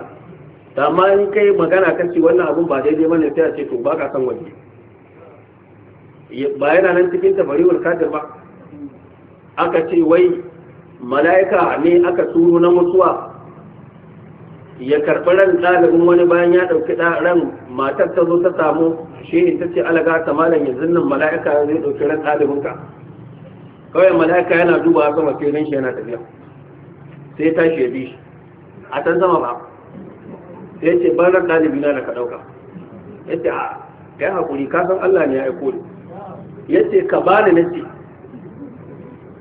ta ma yi kai magana kan wannan abun ba daidai mana sai a ce to baka san waje ba yana nan cikin tabarewar kadir ba aka ce wai mala'ika ne aka turo na mutuwa ya karɓi ran ɗalibin wani bayan ya ɗauki ran matar ta zo ta samu shi ne ta ce alaga ta malam yanzu nan mala'ika ya zai ɗauki ran ka kawai mala'ika yana duba a sama sai shi yana tafiya sai ta shi ya bi shi a can zama ba sai ce ban ran ɗalibi na da ka ɗauka ya ce a kai haƙuri ka san Allah ne ya aiko ni ya ce ka bani na ce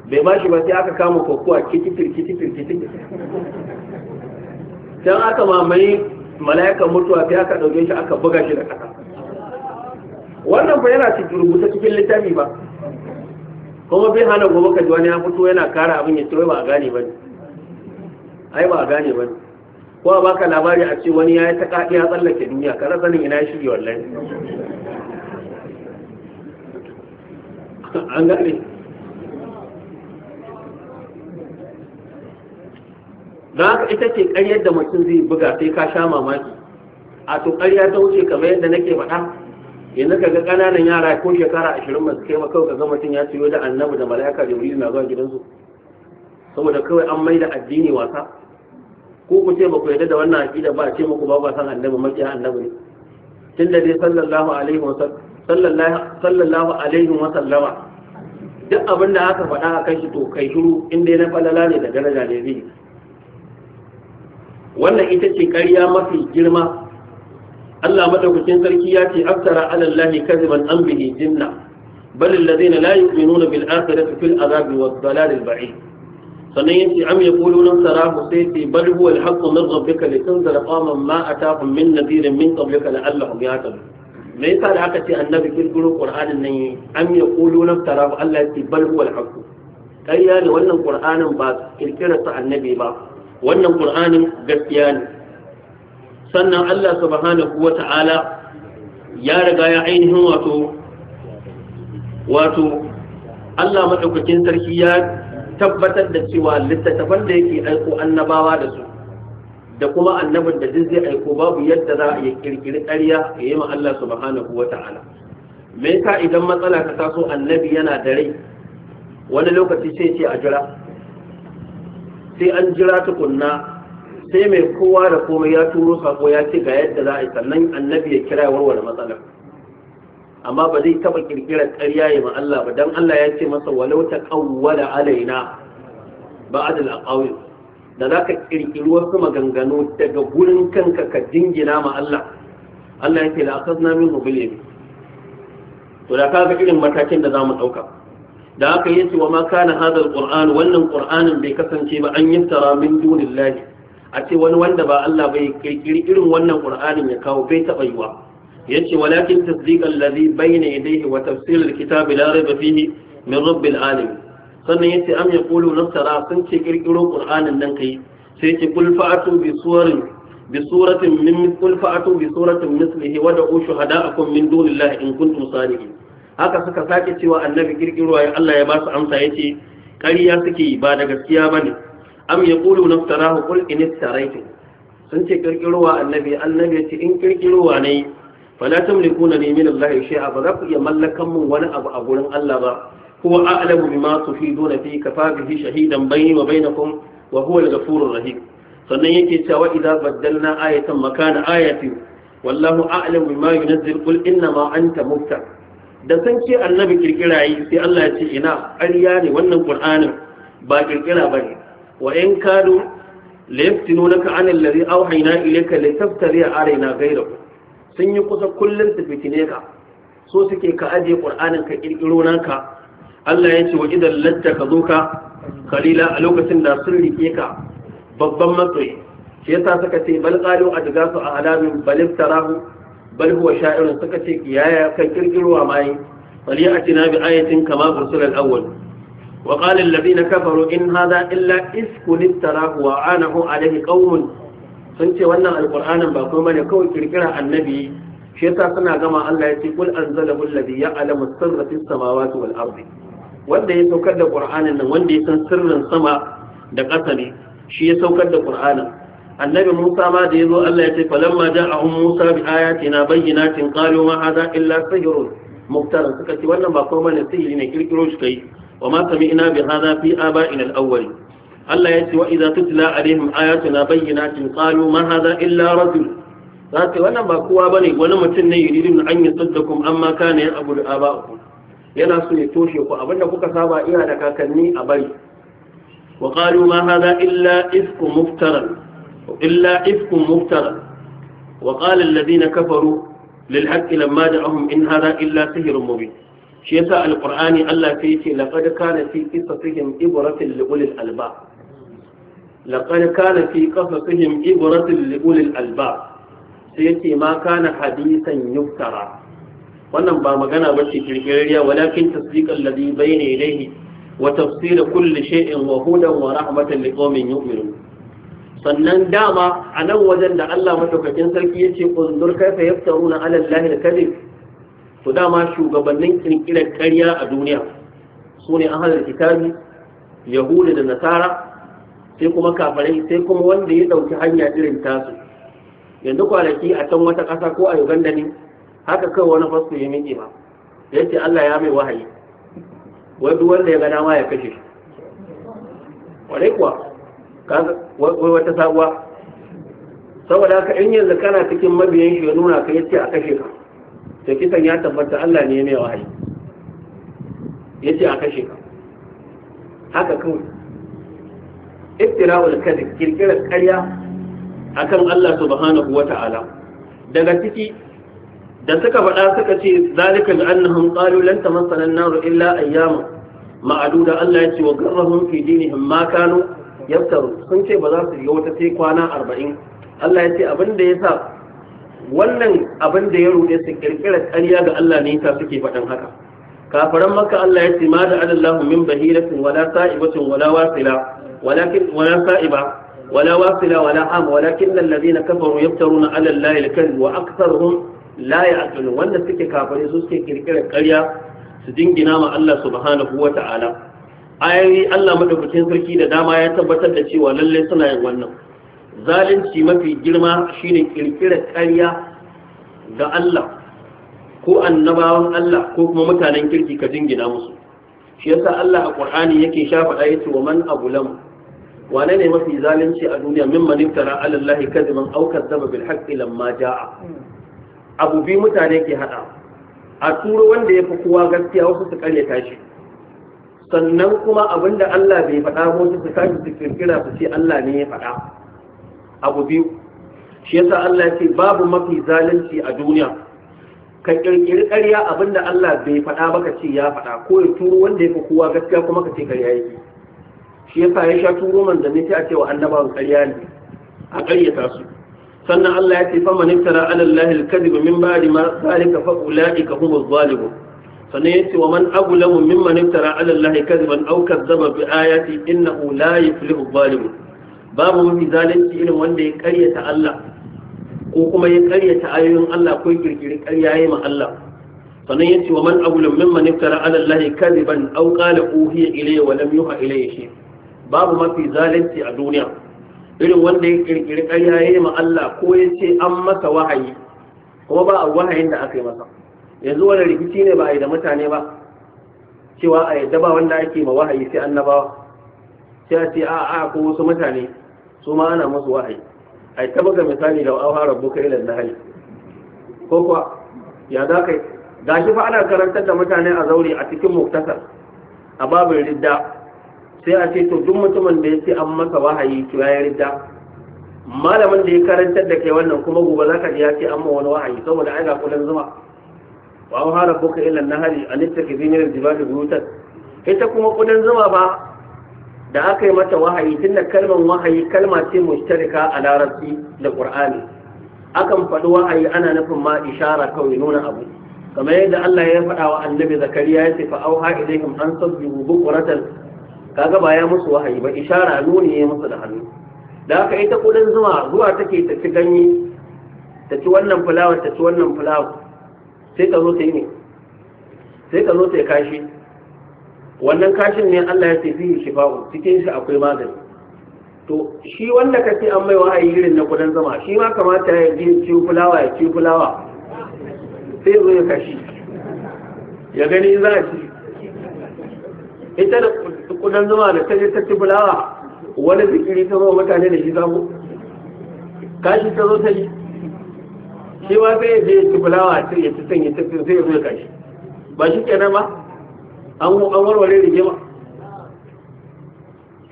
bai ba shi ba sai aka kama kokowa kitifir kitifir kitifir can aka mamaye mala'ikan mutuwa sai aka ɗauke shi aka buga shi da ƙasa wannan ba yana cikin rubuta cikin littafi ba kuma bai hana gobe ka wani ya fito yana kara abin ya ce wai ba a gane ba ne ai ba a gane ba ne ko a baka labari a ce wani ya yi ta kaɗi ya tsallake duniya ka sanin ina ya shige wallahi an gane don haka ita ce ƙaryar da mutum zai buga sai ka sha mamaki a to ƙarya ta wuce kamar yadda nake faɗa yanzu ka ga ƙananan yara ko shekara ashirin masu kai ma kawai ka ga mutum ya ciyo da annabi da mala'ika wuri na zuwa gidansu saboda kawai an mai da addini wasa ko ku ce ba ku yarda da wannan aƙida ba a ce muku ba ba san annabi maƙiya annabi ne tun da dai sallallahu alaihi wa sallallahu alaihi wa sallama duk abin da aka faɗa a kan shi to kai shiru in dai na falala ne da daraja ne zai wannan ita ce ƙarya mafi girma Allah madaukakin sarki ya ce aftara ala Allah kaziban an bihi jinna bal alladhina la yu'minuna bil akhirati fil azabi wad dalal al ba'id sannan yace am yaquluna sarahu sai ce bal huwa al haqqu min rabbika litunzira qaman ma atahum min nadhirin min qablika la'allahum yahtadun me yasa da aka ce annabi kirkiro qur'anin nan am ya qulu naftara Allah ya ce bal huwa al-haqq ƙarya ne wannan qur'anin ba kirkira ta annabi ba wannan qur'anin gaskiya ne sannan Allah subhanahu wata'ala ya riga ya ainihin wato wato Allah maɗaukakin sarki ya tabbatar da cewa littattafan da yake aiko annabawa da su da kuma annabin da duk zai aiko babu yadda za a yi kirkiri ƙarya ya yi ma Allah subhanahu wata'ala me yasa idan matsala ta taso annabi yana da rai wani lokaci sai ce a jira sai an jira tukunna sai mai kowa da komai ya turo sako ya ce ga yadda za a yi sannan annabi ya kira warwara matsalar amma ba zai taba kirkirar ƙarya ya ma Allah ba don Allah ya ce masa walau ta qawwala alaina ba'd a aqawi da ka kirkiri wasu maganganu daga gurin kanka ka jingina ma Allah Allah ya ce la akhadna minhu bil to da ga irin matakin da za mu ɗauka. da aka yace cewa ma kana hadha alquran wannan qur'anin bai kasance ba an tara, min dunillahi a ce wani wanda ba Allah bai kirkiri irin wannan qur'anin ya kawo bai taba yiwa yace walakin tasdiqal ladhi bayna yadayhi wa tafsil alkitab la rayba fihi min rabbil alamin sannan yace am yaqulu naftara sun ce kirkiro qur'anin nan kai sai yace kul fa'atu bi suwarin bi suratin min kul fa'atu bi suratin mislihi wa da'u shuhada'akum min dunillahi in kuntum sadiqin haka suka sake cewa annabi kirkirwa ya Allah ya ba su amsa yace ƙarya suke ba da gaskiya bane am na naftarahu qul in iftaraitu sun ce kirkirwa annabi annabi ce in kirkirwa ne fala tamlikuna ni min Allah a ba za ku iya mallakan mu wani abu a gurin Allah ba huwa a'lamu bima tufiduna fi kafa bihi shahidan bayni wa bainakum wa huwa daga ghafurur rahim sannan yake cewa idza baddalna ayatan makana ayatin wallahu a'lamu bima yunzil qul inna ma anta muftar da san ce annabi kirkira yi sai Allah ya ce ina ƙarya ne wannan Qur'anin ba kirkira ne. wa in kadu layftinunaka an allazi awhayna ilayka litaftari alaina ghayrahu sun yi kusa kullun su fitine ka so suke ka aje Qur'anin ka kirkiro naka Allah ya ce wa idan latta ka zo ka kalila a lokacin da sun rike ka babban matsayi shi yasa suka ce bal qalu adgasu a alamin baliftarahu bal huwa sha'irun suka ce kiyaya kan kirkirwa mai falyatina bi ayatin kama ursul al-awwal wa qala alladhina kafaru in hadha illa iskun iftarahu wa anahu alayhi qaumun sun ce wannan alqur'anin ba kuma ne kawai kirkira annabi shi yasa suna gama Allah ya ce kul anzalahu alladhi ya'lamu sirra fis samawati wal ardi wanda ya saukar da qur'anin nan wanda ya san sirrin sama da ƙasa ne shi ya saukar da qur'anin annabi Musa ma da ya zo Allah ya ce falamma ja'ahum Musa bi ayatina bayyinatin qalu ma hadha illa sihrun muktar suka ce wannan ba komai ne sihiri ne kirkiro shi kai wa ma sami'na bi hadha fi aba'ina al-awwal Allah ya ce wa idza tutla alaihim ayatuna bayyinatin qalu ma hadha illa rajul zaka wannan ba kowa bane wani mutum ne yuridun an yasaddakum amma kana ya abu aba'ukum yana so ya toshe ku abinda kuka saba iya da kakanni a bari wa qalu ma hadha illa ifku muftaran illa ifkun muftara wa qala alladhina kafaru lil haqqi lamma ja'ahum in hadha illa sihrun mubin shi yasa alqur'ani Allah sai yace laqad kana fi qissatihim ibratun li ulil albab laqad kana fi qissatihim ibratun li ulil sai hadisan yuftara wannan ba magana bace kirkirariya walakin tasdiqan ladhi bayna ilayhi wa tafsir kulli shay'in wa hudan wa rahmatan liqaumin yu'minun sannan dama a nan wajen da Allah madaukakin sarki ya ce unzur kaifa yaftaruna ala allahi da kadhib su dama shugabannin ƙirƙirar karya a duniya su ne an halar kitabi yahudu da nasara sai kuma kafarai sai kuma wanda ya ɗauki hanya irin tasu yanzu kwanaki a can wata ƙasa ko a uganda ne haka kawai wani fasko ya miƙe ba Ya ce allah ya mai wahayi wadda wanda ya gana ma ya kashe shi kuwa wai wata sabuwa saboda haka in yanzu kana cikin mabiyan shi ya nuna ka yace a kashe ka to kisan ya tabbata Allah ne mai wahayi yace a kashe ka haka kawai iftira'ul kadhib kirkirar ƙarya akan Allah subhanahu wata'ala daga ciki da suka faɗa suka ce zalika bi annahum qalu lan tamassana an-nar illa ayyama ma'aduda Allah ya ce wa garrahum fi dinihim ma kanu yaftaru sun ce ba za su shiga wata sai kwana arba'in Allah ya ce abin da ya sa wannan abin da ya rude su kirkira ƙarya ga Allah ne yasa suke faɗin haka kafaran maka Allah ya ce ma da adallahu min bahiratin wala sa'ibatin wala wasila walakin wala sa'iba wala wasila wala am walakin alladhina kafaru yaftaruna ala allahi al-kadhib wa aktharuhum la ya'qilun wanda suke kafare su suke kirkira ƙarya su dingina ma Allah subhanahu wa ta'ala ayoyi Allah madaukakin sarki da dama ya tabbatar da cewa lalle suna yin wannan zalunci mafi girma shine kirkirar ƙarya ga Allah ko annabawan Allah ko kuma mutanen kirki ka jingina musu shi yasa Allah a Qur'ani yake shafa ayatu wa man abulam wane ne mafi zalunci a duniya mimman iftara ala Allah kadiban aw kadzaba bil haqqi lamma jaa abu bi mutane ke hada a turo wanda ya fi kowa gaskiya wasu su karyata shi sannan kuma abinda Allah bai faɗa ko su tashi su kirkira su ce Allah ne ya faɗa abu biyu shi yasa Allah ya ce babu mafi zalunci a duniya ka kirkiri ƙarya abinda Allah bai faɗa ba ka ce ya faɗa ko ya turo wanda ya fi kowa gaskiya kuma ka ce ƙarya yake shi yasa ya sha turo manzanni sai a cewa wa annabawan ƙarya ne a ƙaryata su sannan Allah ya ce fa man iftara ala Allah al-kadhib min ba'di ma zalika fa ka humu adh-dhalimun sannan ya ce wa man agulamu mimman iftara ala Allah kadiban aw kazzaba bi ayati innahu la yuflihu zalimun babu mafi zalunci irin wanda ya karyata Allah ko kuma ya karyata ayoyin Allah ko kirkiri karya yayi ma Allah sannan ya ce wa man agulamu mimman iftara ala Allah kadiban aw qala uhiya ilayya wa lam yuha ilayya shay babu mafi zalunci a duniya irin wanda ya kirkiri karya yayi ma Allah ko ya ce an masa wahayi kuma ba a wahayin da aka yi masa yanzu wani rikici ne ba a yi da mutane ba cewa a yadda ba wanda ake ma wahayi sai annabawa sai a ce a a ko wasu mutane su ma ana musu wahayi a ta buga misali da auha rabbuka ila hali ko kuwa ya za yi gashi fa ana karantar da mutane a zaure a cikin muktasar a babin ridda sai a ce to duk mutumin da ya ce an masa wahayi to ya ridda malamin da ya karantar da kai wannan kuma gobe ka ji ya ce an ma wani wahayi saboda ai ga kullun zuma wa an hara buka ila nahari an ittaki bin al-jibal ita kuma kudin zuma ba da aka yi mata wahayi tunda kalmar wahayi kalma ce mushtarika a larabci da qur'ani akan faɗi wahayi ana nufin ma ishara kawai nuna abu kamar yadda Allah ya faɗa wa annabi zakariya ya ce fa auha ilaihim an sabbihu bukuratan kaga ba ya musu wahayi ba ishara nuni ya musu da hannu da aka ita kudin zuma zuwa take ta ci ganye ta ci wannan fulawar ta ci wannan fulawar sai ka zo ta yi ne sai ka zo ta yi kashi wannan kashin ne Allah ya ce fi shifa'u cikin shi akwai magani to shi wanda ka ce an mai wahayi irin na gudan zama shi ma kamata ya yi ciwo fulawa ya ciwo fulawa sai zo ya kashi ya gani za a ci ita da kudan zama da ta je ta ci fulawa wani zikiri ta zo mutane da shi zamu kashi ta zo ta yi shi ma sai ya je ya ci fulawa sai ya ci sanya ya ci sai ya zo kashi ba shi kenan ba an warware da gima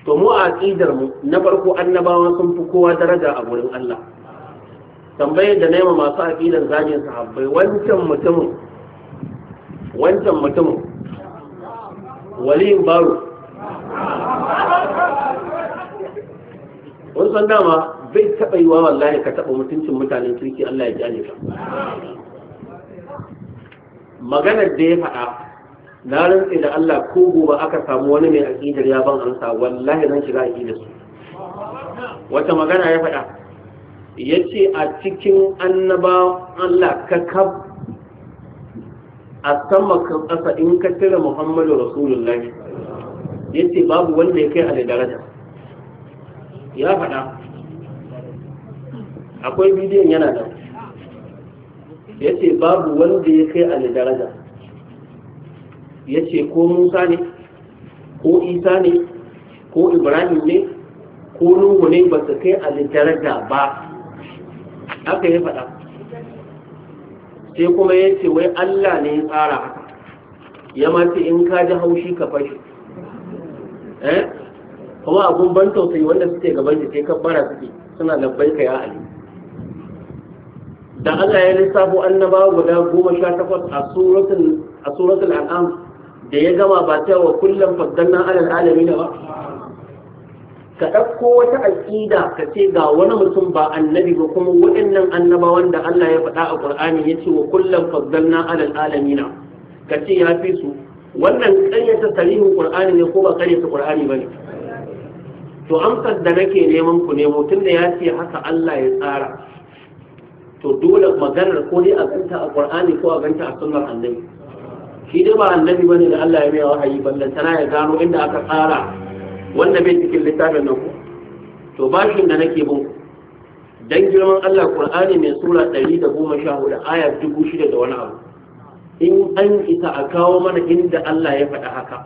to mu a tsidar mu na farko annabawa sun fi kowa daraja a gurin Allah tambayar da nema masu aqidan zagin sahabbai wancan mutumin wancan mutumin waliyin baro kun san dama bai taɓa yi wa wallahi ka taɓa mutuncin mutanen kirki Allah ya jane ka maganar da ya faɗa na rantse da Allah ko gobe aka samu wani mai aƙidar ya ban amsa wallahi zan shiga aƙidar su wata magana ya faɗa ya ce a cikin annaba Allah ka kab a sama kan ƙasa in ka cire muhammadu rasulullahi ya ce babu wanda ya kai a daraja ya faɗa akwai bidiyon yana nan ya ce babu wanda ya kai ali daraja ya ce ko musa ne ko isa ne ko ibrahim ne ko nuhu ne ba su kai ali daraja ba aka yi faɗa sai kuma ya ce wai allah ne ya tsara haka ya mace in ka ji haushi ka fashe. Eh? kuma abun ban tausayi wanda suke gaban shi sai kabbara suke suna labbai ka ya ali da Allah ya lissafo annaba guda goma sha takwas a suratul al'am da ya gama ba ta wa kullum faddanna alal alamin ba ka ɗauko wata aƙida ka ce ga wani mutum ba annabi ba kuma waɗannan annabawan da Allah ya faɗa a Qur'ani ya ce wa kullum faddanna alal alamin ka ce ya fi su wannan ƙaryata tarihin Qur'ani ne ko ba ƙaryata Qur'ani ne?" to amsar da nake neman ku nemo tunda ya ce haka Allah ya tsara to dole maganar ko dai a ganta a qur'ani ko a ganta a sunnar annabi shi dai ba annabi bane da Allah ya mai wahayi tana ya gano inda aka tsara wanda bai cikin littafin nan to bashin da nake bin dan girman Allah Qur'ani mai sura 114 aya 6000 da wani abu in an isa a kawo mana inda Allah ya faɗa haka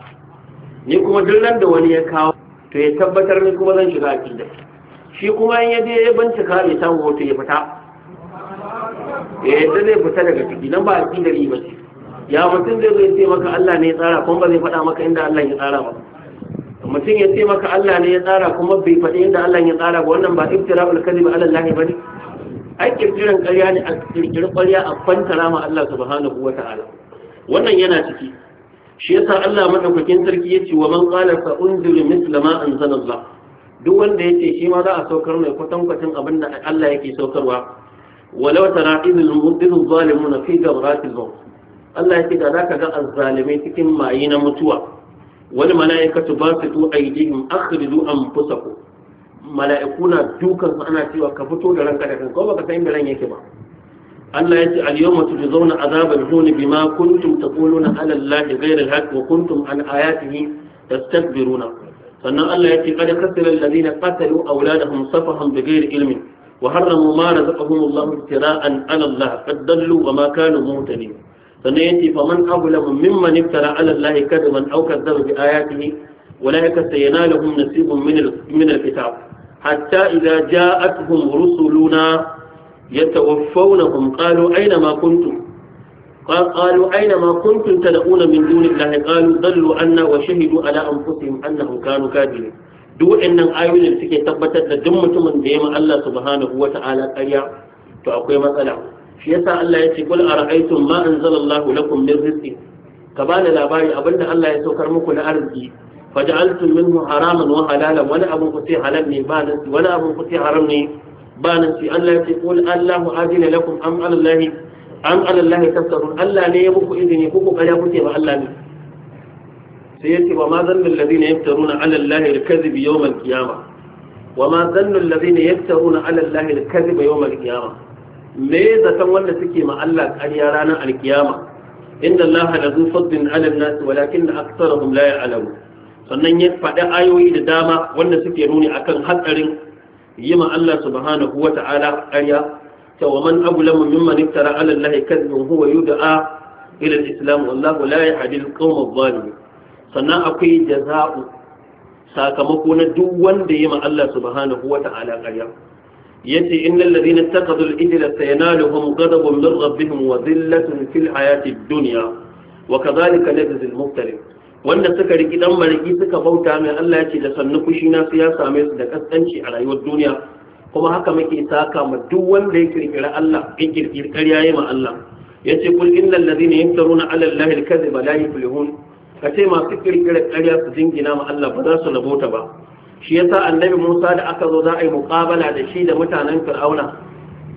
ni kuma duk nan da wani ya kawo to ya tabbatar ni kuma zan shiga akida shi kuma in ya je ya bincika ya samu hoto ya fita ya yadda zai fita daga ciki nan ba a ƙidar yi ba ce ya mutum zai zai ce maka Allah ne ya tsara kuma ba zai faɗa maka inda Allah ya tsara ba mutum ya ce maka Allah ne ya tsara kuma bai faɗi inda Allah ya tsara ba wannan ba iftira'ul kadhib ala Allah bane ai kirkiran ƙarya ne a kirkirin ƙarya a kwanta ma Allah subhanahu wata'ala wannan yana ciki shi yasa Allah madaukakin sarki yace wa man qala fa unziru misla ma anzalallah duk wanda yace shi ma za a saukar mai kwatankwacin abin da Allah yake saukarwa walau tara idil mudil zalimuna fi gabratil maut Allah ya ce da zaka ga azzalimai cikin mayi na mutuwa wani mala'ikatu basitu aydihim akhriju anfusakum mala'iku na dukan su ana cewa ka fito da ranka da kanka ko baka san inda yake ba Allah ya ce al-yawma tujzauna azabal hun bima kuntum taquluna ala Allahi ghayra al-haqq wa kuntum an ayatihi tastakbiruna sannan Allah ya ce kada kasira alladhina qatalu awladahum safahan bighayri ilmin وحرموا ما رزقهم الله افتراء على الله قد ضلوا وما كانوا مهتدين sannan yake faman abula mummin maniftara alallahi kada man aukar zama bi ayati ne wala ya kasta yana da hun nasibin minar fita hatta idan ja atuhun rusuluna ya tawaffauna hun kalu aina ma kuntu kalu aina kalu zallu anna wa shahidu ala an fusim anna hun kanu kadi duk nan ayoyin suke tabbatar da duk mutumin da ya ma Allah subhanahu wata'ala ƙarya to akwai matsala shi yasa Allah ya ce kul ara'aytum ma anzalallahu lakum min rizqi ka ba bani labari abinda Allah ya saukar muku na arziki faj'altum minhu haraman wa halalan wani abu ku sai halal ne ba nan wani abun ku sai haram ne ba nan sai Allah ya ce kul Allahu adila lakum am alallahi am alallahi tafkarun Allah ne ya muku izini kuku ƙarya kuke ba Allah ne sai yace wa ma zannul ladina yaftaruna ala allahi al-kadhib yawm al-qiyamah wa ma zannul ladina yaftaruna ala allahi al-kadhib yawm al-qiyamah me zaton wanda suke ma Allah ƙarya ranar al-qiyama inna allaha la zu faddin ala an-nas walakin aktharuhum la ya'lamun sannan ya faɗi ayoyi da dama wanda suke nuni akan hatsarin yi ma Allah subhanahu wa ta'ala ƙarya ومن أظلم ممن افترى على الله كذبا هو يدعى إلى الإسلام والله لا يهدي القوم الظالمين sannan akwai jaza'u sakamako na duk wanda ya ma Allah subhanahu wata'ala ƙarya yace innal na ittakhadhu al-ijla na, ghadabun min rabbihim wa dhillatun fil hayati ad-dunya wa kadhalika najzi al wanda suka riki dan mariki suka bauta mai Allah yace da sannu fushi na su ya same su da kaskanci a rayuwar duniya kuma haka muke saka ma duk wanda ya kirkira Allah ya kirkira ƙarya ya ma Allah yace kul innal na yaftaruna 'ala allahi al ba, la yuflihun ka ce masu kirkirar ƙarya su jingina ma Allah ba za su labota ba shi yasa annabi Musa da aka zo za a yi muƙabala da shi da mutanen Fir'auna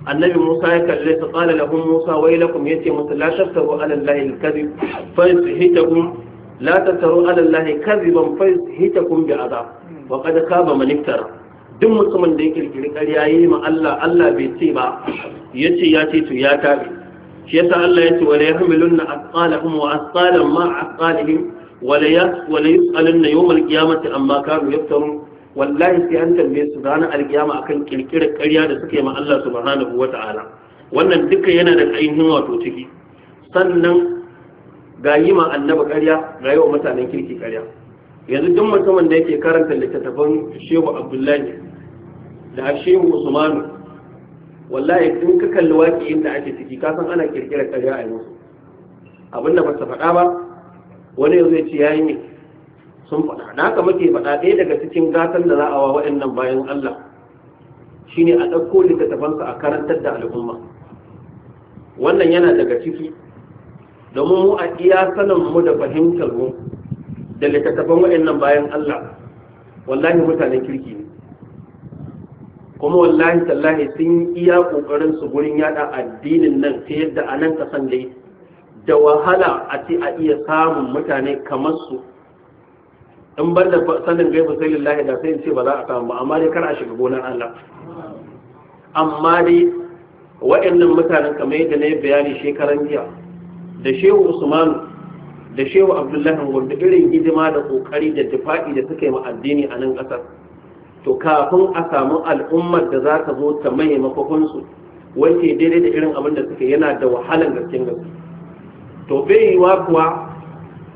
annabi Musa ya kalle su qala lahum Musa waylakum yace musu la taftaru ala Allahi al-kadhib fa yasihitakum la taftaru ala Allahi kadhiban fa bi adab wa qad khaba man iftara duk mutumin da ya kirkiri ƙarya yayi ma Allah Allah bai ce ba yace ya ce to ya tabe shi yasa Allah ya ce wala yahmilunna athqalahum wa athqalan ma athqalihim wala yas wala yusalunna yawmal amma kanu yaftarun wallahi sai an tambaye su ranar alkiyama akan kirkirar ƙarya da suke ma Allah subhanahu wata'ala wannan duka yana da ainihin wato ciki sannan ga yi ma annaba ƙarya ga yi wa mutanen kirki ƙarya yanzu duk mutumin da yake karanta littattafan shehu abdullahi da shehu usmanu wallahi tun ka kalli waƙi inda ake ciki ka san ana kirkirar ƙarya a yanzu. abin da ba su faɗa ba wani yanzu ya ce ya yi sun faɗa na haka muke faɗa ɗaya daga cikin gatan da za a wa waɗannan bayan Allah shine a ɗauko littattafansa a karantar da al'umma wannan yana daga ciki domin mu a iya sanin mu da fahimtar mu da littattafan waɗannan bayan Allah wallahi mutanen kirki ne kuma wallahi tallahi sun iya kokarin su gurin yada addinin nan ta yadda a nan kasan dai da wahala a ce a iya samun mutane kamar su in bar da sanin ba sai lillahi da sai ce ba za a samu ba amma dai kar a shiga gonar Allah amma dai waɗannan mutanen kamar yadda na yi bayani shekaran jiya da shehu Usman da shehu abdullahi wanda irin hidima da kokari da tufaɗi da suka yi ma addini a nan kasar to kafin a samu al'ummar da za ta zo ta maye mafafinsu wanke daidai da irin abin da suke yana da wahalan gaskin gaske to bai yi kuwa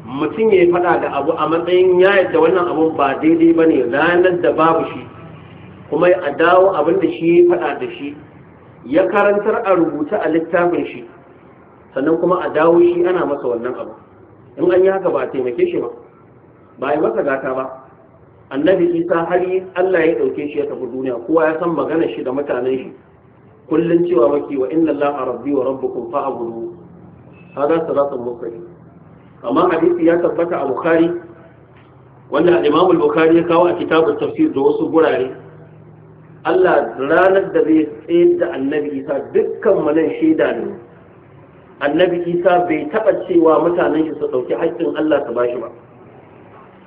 mutum ya yi faɗa da abu a matsayin ya yadda wannan abun ba daidai ba ne ranar da babu shi kuma a dawo abin da shi ya faɗa da shi ya karantar a rubuta a littafin shi sannan kuma a dawo shi ana masa wannan abu in an yi haka ba taimake shi ba ba yi masa gata ba annabi isa har Allah ya dauke shi ya tafi duniya kowa ya san maganar shi da mutanen shi Kullum cewa maki wa inna allaha rabbi wa rabbukum fa'budu hada salatun mukri amma hadisi ya tabbata a bukhari wanda al-imam bukhari ya kawo a kitabun tafsir da wasu gurare Allah ranar da zai tsayar da annabi isa dukkan manan shaida ne annabi isa bai taɓa cewa mutanen shi su ɗauki haƙƙin allah su bashi ba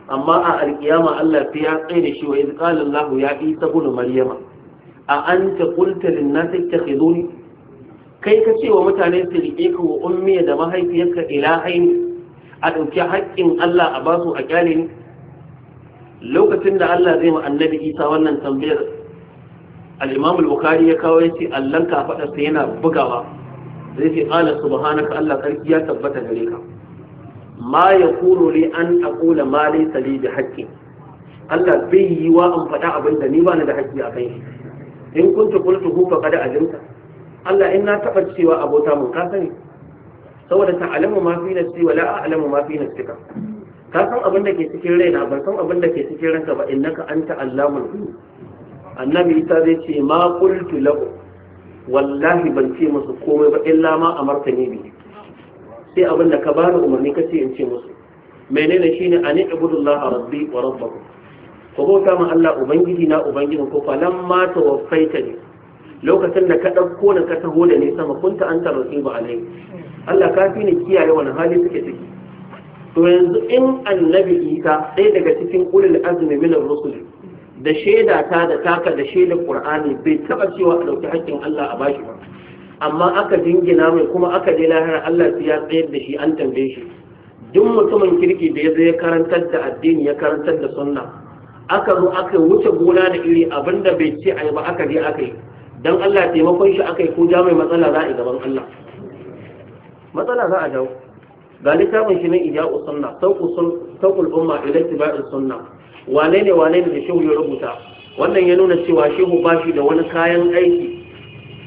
amma a alkiyama Allah fi ya tsaye da shi wa iz qala ya isa ibn maryama a anta qulta lin nas ittakhizuni kai ka ce wa mutane su rike ka wa ummi da mahaifiyarka ilahaini a ɗauki haƙƙin Allah a basu a kyale ni lokacin da Allah zai ma annabi Isa wannan tambayar al-Imam al-Bukhari ya kawo yace Allah ka faɗa sai yana bugawa zai ce qala subhanaka Allah sarki ya tabbata gare ka ma ya kuro li an aqula mali laysa da bihaqqi Allah bai yi wa an faɗa abin da ni ba ni da haƙƙi a kan shi in kunta qultu hu faqad ajrimta Allah in na taɓa cewa abota mun ka sani saboda ta'lamu ma fi nafsi wa la a'lamu ma fi nafsika ka san abin da ke cikin raina ban san abin da ke cikin ranka ba innaka anta allamul ghuyub annabi isa zai ce ma qultu lahu wallahi ban ce musu komai ba illa ma amartani bi sai abin da ka bani umarni kace in ce musu menene shine ani ibudullaha rabbi wa rabbakum ko bauta ma Allah ubangiji na ubangijin ko falamma tawaffaita ni lokacin da ka dauko ni ka taho da ni sama kunta anta rasibu alai Allah ka fi ni kiyaye wani hali suke ciki to yanzu in annabi Isa ɗaya daga cikin ulul azmi min ar-rusul da shaida ta da taka da shaidar Qur'ani bai taba cewa a dauki haƙƙin Allah a bashi ba amma aka jingina mai kuma aka je lahira Allah ya tsayar da shi an tambaye shi duk mutumin kirki da ya zai ya karantar da addini ya karantar da sunna aka zo aka wuce gona da iri abinda bai ce ai ba aka je aka yi dan Allah taimakon shi aka yi ko ja mai matsala za a gaban Allah matsala za a jawo ga littafin shi ne ija sunna sauƙul umma ila tibai sunna wane ne wane ne da shehu ya rubuta wannan ya nuna cewa shehu ba shi da wani kayan aiki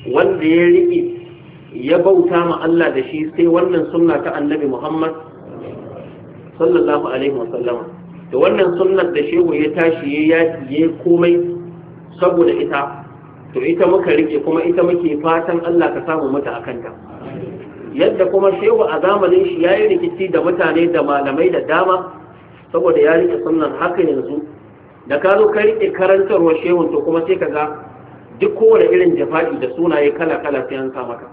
wanda ya riƙe ya bauta ma Allah da shi sai wannan sunna ta annabi Muhammad sallallahu alaihi wa sallam da wannan sunnar da shehu ya tashi ya yi ya komai saboda ita to ita muka rike kuma ita muke fatan Allah ka samu mata akan ta yadda kuma shehu a zamanin shi yayi rikici da mutane da malamai da dama saboda ya rike sunnar haka yanzu da ka zo ka riƙe karantarwa Shehu to kuma sai ka ga duk kowane irin jafaɗi da sunaye kala kala sai an sa maka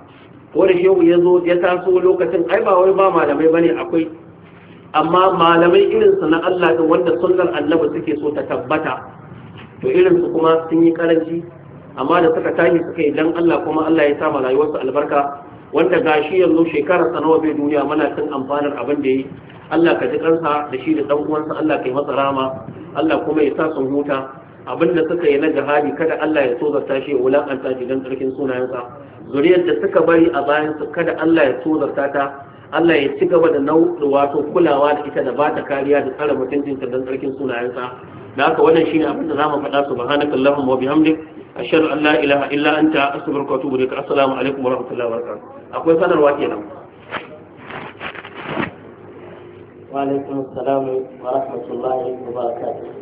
ko da shehu ya zo ya taso lokacin ai ba wai ba malamai bane akwai amma malamai irin su na Allah da wanda sunnar annabi suke so ta tabbata to irin su kuma sun yi karanci amma da suka tashi suka yi dan Allah kuma Allah ya sa rayuwarsu albarka wanda gashi yanzu shekarar sanawa nawa bai duniya muna cin amfanar abin da yi Allah ka ji kansa da shi da dan uwansa Allah ka masa rama Allah kuma ya sa sun huta abin da suka yi na jihadi kada Allah ya tozarta shi ya wulakanta shi don tsarkin sunayensa zuriyar da suka bari a bayan su kada Allah ya tozarta ta Allah ya ci gaba da wato kulawa da ita da bata kariya da tsara mutuncinta don tsarkin sunayensa da haka wannan shine abin da zamu faɗa subhanaka allahumma wa bihamdik ashhadu an la ilaha illa anta astaghfiruka wa atubu ilaik assalamu alaikum wa rahmatullahi wa barakatuh akwai sanarwa kenan wa alaikum assalam wa rahmatullahi